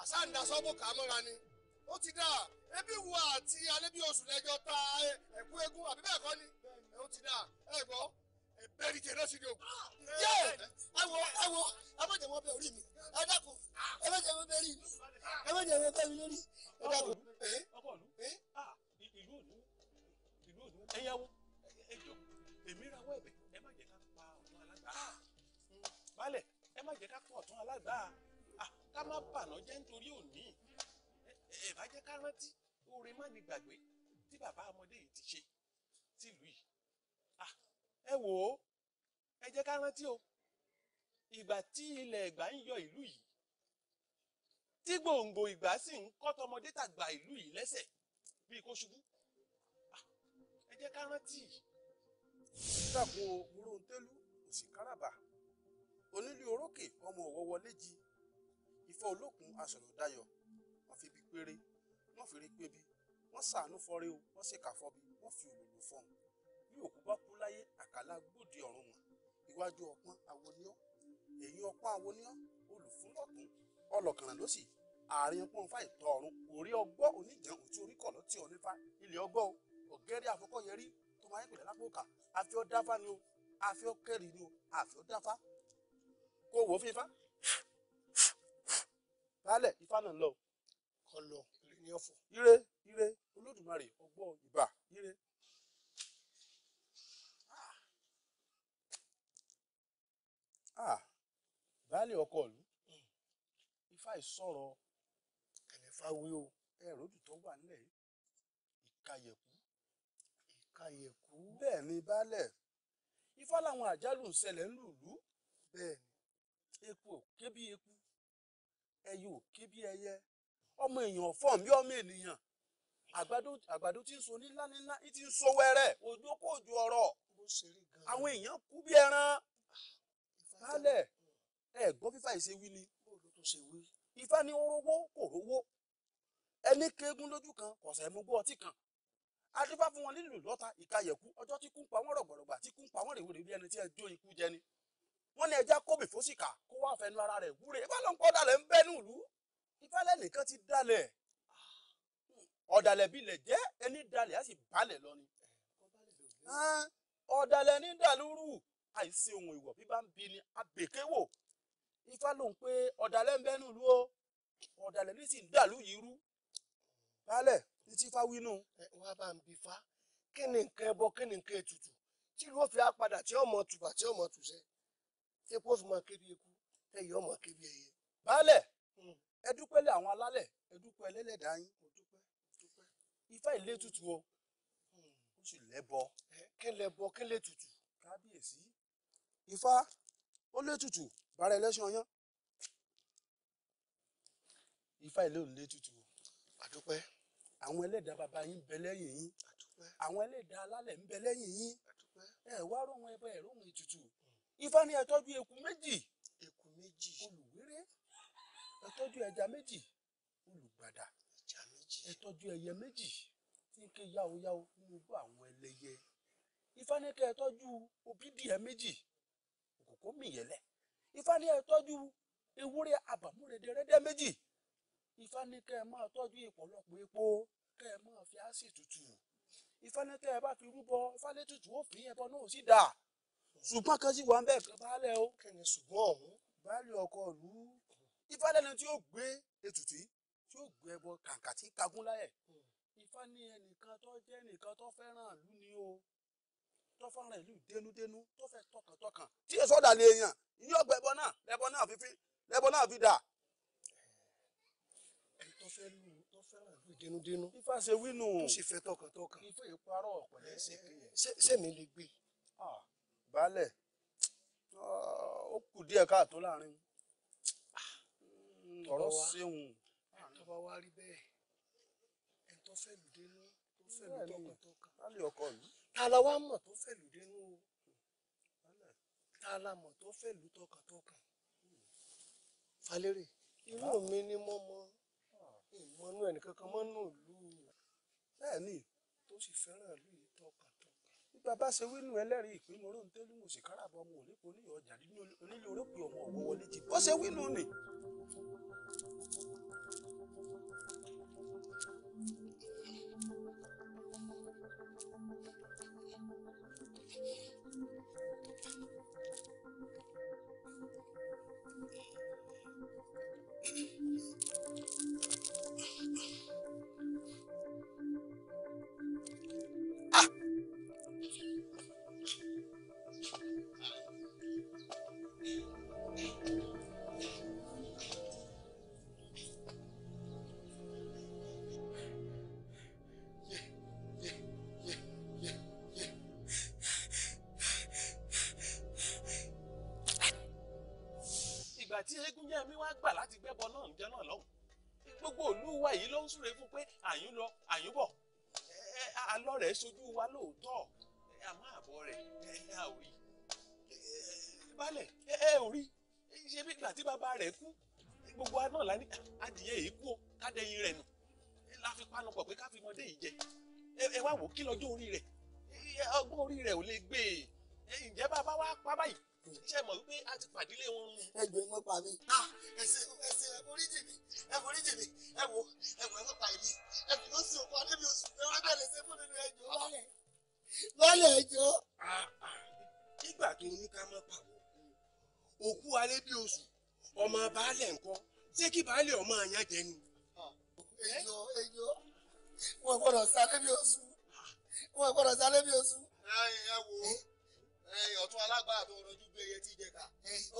àṣà ń daṣọ́ bò ká ni ó ti dáa ebi wo àti alẹ́ bí oṣù lẹ́jọ́ ta ẹ̀kú eégún àbí bẹ́ẹ̀ kọ́ ni ó ti dáa ẹ̀ gbọ́ ẹ̀rì tẹ̀lé o. yẹ ẹwọ ẹwọ ẹmọ̀jẹ̀ wọn bẹ orí mi ẹ dákun wọn bẹ rí mi ẹmọ̀jẹ̀ wọn bẹ mi lórí ẹ dákun. ìlú òní ìlú òní ẹyáwó ẹjọ èmi ra wọ ẹbẹ ẹ má jẹ ká pa ọ̀tún alágbàá ah, mm, balẹ̀ ẹ má jẹ ká pa ọ̀tún alágbàá ah, ká má bànà jẹ́ nítorí òní ẹ bá jẹ́ ká rántí oore má ní gbàgbé tí bàbá ọmọdé yìí ti ṣe tìlú yìí ah, ẹ wò ó ẹ jẹ́ ká rántí o ìgbà tí ilẹ̀ ẹ̀gbá ń yọ ìlú yìí tí gbòǹgbò ìgbà sì ń kọ́ tọmọdé tàgbà ìlú yìí lẹ́sẹ̀ bíi kó ṣubú ẹ jẹ́ ká rántí. dàpọ̀ mòròǹtẹ́lú òsì káràbà onílù orókè ọmọ ọ̀wọ́ wọlé jí ifọ̀ olókun asọ̀rọ̀ dayọ̀ wọ́n fi bí péré wọ́n fi rí pébi wọ́n ṣàánú fọ́rí o wọ́n ṣèkà fọ́bi wọ́n fi òlòlò fọ́n bí òkú bá kú láyé àkàlà gbòde ọ̀run mọ̀ iwájú ọpọ́n àwo ni ọ́ ẹ̀yìn ọpọ́n àwo ló sì àárín ọpọ́n fà ìtọ́ ọ̀run orí ọgbọ́ oníjàn òtí orí kọ̀ lọ́tí ọ̀ nífa ilẹ̀ ọgbọ́ o ọ̀gẹ́rẹ́ àfọkọ́yẹrí tó máa ń pèlè lápòkà àfi ọ́ ni o àfi ọ́ ni o àfi ọ́ kó wò ó fi ifá náà lọ kọlọ ire ni ọ̀fọ̀ ire ire olódùmarè ọgbọ́ ìbà ire ah baálé ọkọ ìlú ifá ìsọ̀rọ̀ ẹ̀mẹ́fà wí o ẹ̀rọ òdùtọ́ wà nílẹ̀ yìí ìkàyẹ̀kú ìkàyẹ̀kú ni ifá làwọn àjálù ń ni eku ò bí ẹyẹ ọmọ èèyàn ọ̀fọ́n bí ènìyàn àgbàdo ti ń so ń so àwọn èèyàn kú bí ẹran baálẹ̀ ẹ gbọ́ fífà ìṣe wí ni ifá ní orówó kò rówó ẹni kéegun lójú kan kọ̀sẹ̀ mú gbọ́ ọtí kan adífá fún wọn nílùú lọ́ta ìkayẹ̀kú ọjọ́ tí kú ń pa wọ́n rọ̀gbọ̀rọ̀gbà tí kú ń pa wọ́n rèwèrè bí ẹni tí ẹ jó ikú jẹ ni wọ́n ní ẹja kóbì fósìkà kó wá fẹnu ara rẹ̀ wúre ifá ló ń kọ́ dalẹ̀ ń bẹ́ nílùú ifá lẹ́nìkan ti dalẹ̀ ọ̀dàlẹ̀ bí ilẹ̀ jẹ́ ẹni dalẹ̀ á sì balẹ̀ lọ ni ọ̀dàlẹ̀ ní dàlúrù àìsí ohun ìwọ̀ bí bá ń bi ni àbèkéwò ifá lòun pé ọ̀dàlẹ̀ ń bẹ́nu ìlú o ọ̀dàlẹ̀ ní sì ń dàlú yìí rú baálẹ̀ ní tí ifá wínú. ẹ wá bá ń bi fa kí ni nǹkan ẹbọ kí ni nǹkan ètùtù tí ló fi á padà tí ọmọ tùbà tí ọmọ tùṣẹ tí epo fi máa kébi eku ẹyẹ ọmọ kébi ẹyẹ. baálẹ̀ hmm. ẹ dúpẹ́ lé àwọn alálẹ̀ ẹ dúpẹ́ lẹ́lẹ́dàá yín ifá ìlétùtù o hmm. ó sì lẹ́bọ. kí lẹ́bọ kí lẹ́tùtù. kábíyèsí ifá ó létùtù bàrà ẹlẹ́sìn ọyán ifá ilé ò létùtù àdúpẹ́ àwọn ẹlẹ́dàá bàbá yín bẹ lẹ́yìn yín àdúpẹ́ àwọn ẹlẹ́dàá alálẹ̀ ń bẹ lẹ́yìn yín àdúpẹ́ ẹ wá róhun ẹbọ ẹ róhun ètùtù ifá ni ẹ tọ́jú eku méjì eku méjì olùwérè ẹ tọ́jú ẹja méjì olùgbàdà ẹja méjì ẹ tọ́jú ẹyẹ méjì tí ń ké yáoyáo nínú igbó àwọn ẹlẹ́yẹ ifá ní kẹ́ ẹ tọ́jú òbídìẹ méjì kó mì yẹlẹ ifá ní ẹ tọ́jú ewúrẹ́ àbàmúrẹdẹrẹdẹ méjì ifá ní kẹ ẹ máa tọ́jú ìpọ̀lọpọ̀ epo kẹ ẹ máa fi ásì tutù ifá ní kẹ ẹ bá fi rúbọ ifá ní tutù ó fi ẹbọ náà sí dáa ṣùgbọ́n kan sì wà ń bẹ̀ fẹ́ baálẹ̀ o kẹ̀yìn ṣùgbọ́n ọ̀hún baálẹ̀ ọkọ ìlú ifá lẹ́nu tí ó gbé ètùtù tí ó gbé ẹbọ kàǹkà tí kagún láyẹ̀ hmm. ifá ní ẹnìkan tó jẹ́ ẹnìkan tó fẹ́ràn ìlú ni o tó fọ́nrán ìlú dénúdénú tó fẹ́ tọkàntọkàn tí èso ọ̀dàlẹ̀ èèyàn ní ọgbà ẹbọ náà lẹbọ náà fífi lẹbọ náà fi dà. ifá ṣe wínú. tó sì fẹ́ tọkàntọkàn. ifá ìparọ́ ọ̀pẹ̀lẹ́ sẹ́mi lè gbé. baálẹ̀ ó kù díẹ̀ káàtó láàrin ọ̀rọ̀ ṣéhun. tọ́ba wá rí bẹ́ẹ̀ ẹ̀ tó fẹ́ lù dénú tó fẹ́ lù tọkàntọkàn ta la wá mọ̀ tó fẹ̀lú dénú o ta la mọ̀ tó fẹ̀lú tọkàntọkàn falérè irú mi ni mo mọ ìmọ̀nú ẹnìkankan mọ́nú ìlú bẹ́ẹ̀ ni tó sì fẹ́ràn ìlú yìí tọkàntọkàn. bí bàbá ṣe wínú ẹlẹ́rìí ìpínlẹ̀ oróńtẹ́lú mo sì káràbọ̀ ọmọ òlépo ní ọjà nínú onílé orókè ọmọ ọ̀wọ́ wọlé ti bọ́ ṣe wínú ni. Thank you. ẹ ṣojú wa lóòótọ́ ẹ àmọ́ àbọ̀ rẹ̀ ẹ à ò rí balẹ̀ ẹ ò rí ṣe bí ìgbà tí bàbá rẹ̀ kú gbogbo wa náà lání adìyẹ yìí kú o kádẹ́yìn rẹ̀ nù la fi panu pọ̀ pé ká fi mọdé yìí jẹ ẹ wá wò kí lọ́jọ́ orí rẹ̀ ọgbọ́n orí rẹ̀ ò lè gbé e ǹjẹ́ bàbá wa pa báyìí ṣe mọ̀ wípé a ti pàdílé wọn rún. ẹgbẹ́ mọ́ pa mi. Ah, ẹ ṣe ẹ ṣe ẹ foríjì mi ẹ foríjì mi ẹ wo ẹ wo ẹ pa mi ẹ̀fí ló sì òkú adébí oṣù pé wọ́n bẹ̀rẹ̀ ṣe fún nínú ẹjọ́ lálẹ́ lálẹ́ ẹjọ́. nígbà tó ní ká mọ́ pàwọ́ òkú adébí oṣù ọmọ baálẹ̀ ńkọ́ ṣé kí baálẹ̀ ọmọ àyàn jẹ ni. ẹjọ́ ẹjọ́ wọn gbọ́dọ̀ sálẹ bí oṣù wọn gbọ́dọ̀ sálẹ bí oṣù. ẹ wo ọ̀tún alágbára tó rọjú gbé iye tí jẹ ká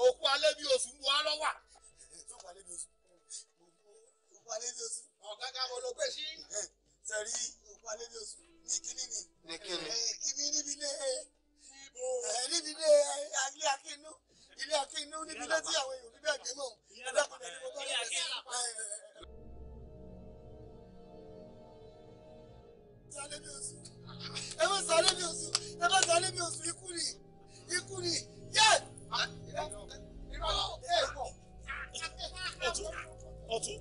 òkú alẹ́ bí oṣù ń wá lọ́wọ́ òkú alẹ́ bí oṣù ọ̀gágá wo ló pè sí. sẹ́rí òkú alẹ́ ní oṣù ní kínní ni. ní kínní. kínní níbi ilé níbi ilé ilé akínú ilé akínú níbi ilé tí àwọn èèyàn bíbẹ̀ gbé mọ̀ ẹ̀dá kò ní ẹni gbogbo ọ̀gá sí. ẹ má sọ alẹ́ mi oṣù ẹ má sọ alẹ́ mi oṣù ikú ni ikú ni yẹ́ẹ̀. ọtún ọtún.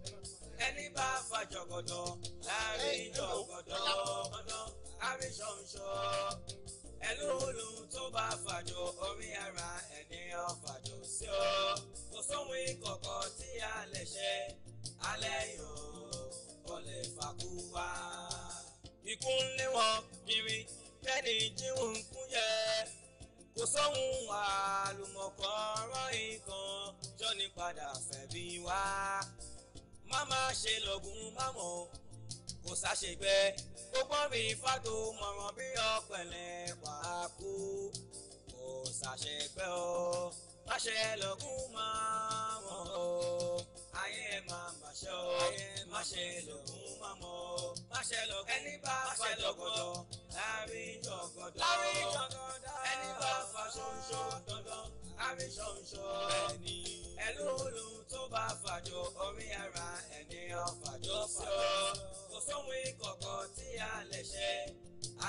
ẹni bá fàjọgọdọ láàrin jọgọdọ mọdọ àríṣọǹṣọ ẹlú olùn tó bá fàjọ orí ara ẹni ọfàjọ sí ọ kò sóhun ìkọ̀kọ̀ tí a lè ṣe alẹ́ yòó kò lè fàkú wá. ikú ń lé wọn kiri kẹ́ni jíhùn kú yẹ kò sóhun àlùmọ̀kọ́ rọ́ nǹkan jọ́ni padà fẹ̀bi wá má má ṣe lọ́gùn má mọ̀ o kò ṣàṣegbẹ́ gbogbo mi fàtó mọ̀ràn bí ọ̀pẹ̀lẹ̀ wà á kú kò ṣàṣegbẹ́ o má ṣe lọ́gùn má mọ̀ o ayé ẹ máa mà ṣe o má ṣe lọ́gùn má mọ̀ o má ṣe lọ́gùn ẹni bá fà jọ̀gọ̀dọ̀ láàrin jọ̀gọ̀dọ̀ ẹni bá fà ṣoṣo dandan àmì ṣọ̀ṣọ̀ ẹ lóhùn tó bá fàjọ orí ara ẹni ọ̀fàjọ sí ọ kò sóhun ìkọ̀kọ̀ tí a lè ṣe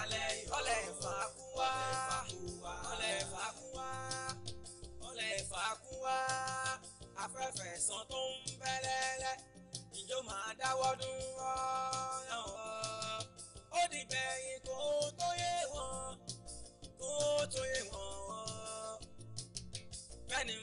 alẹ́ ìfọlẹ́ ìfàkùn wá ọlẹ́ ìfàkùn wá ọlẹ́ ìfàkùn wá afẹ́fẹ́ sàn tó ń bẹ́lẹ́lẹ́ ìjọ máa dáwọ́ dúró náà ó dìgbẹ̀yìn kó tó yé wọn kó tó yé wọn. bẹ́ẹ̀ ni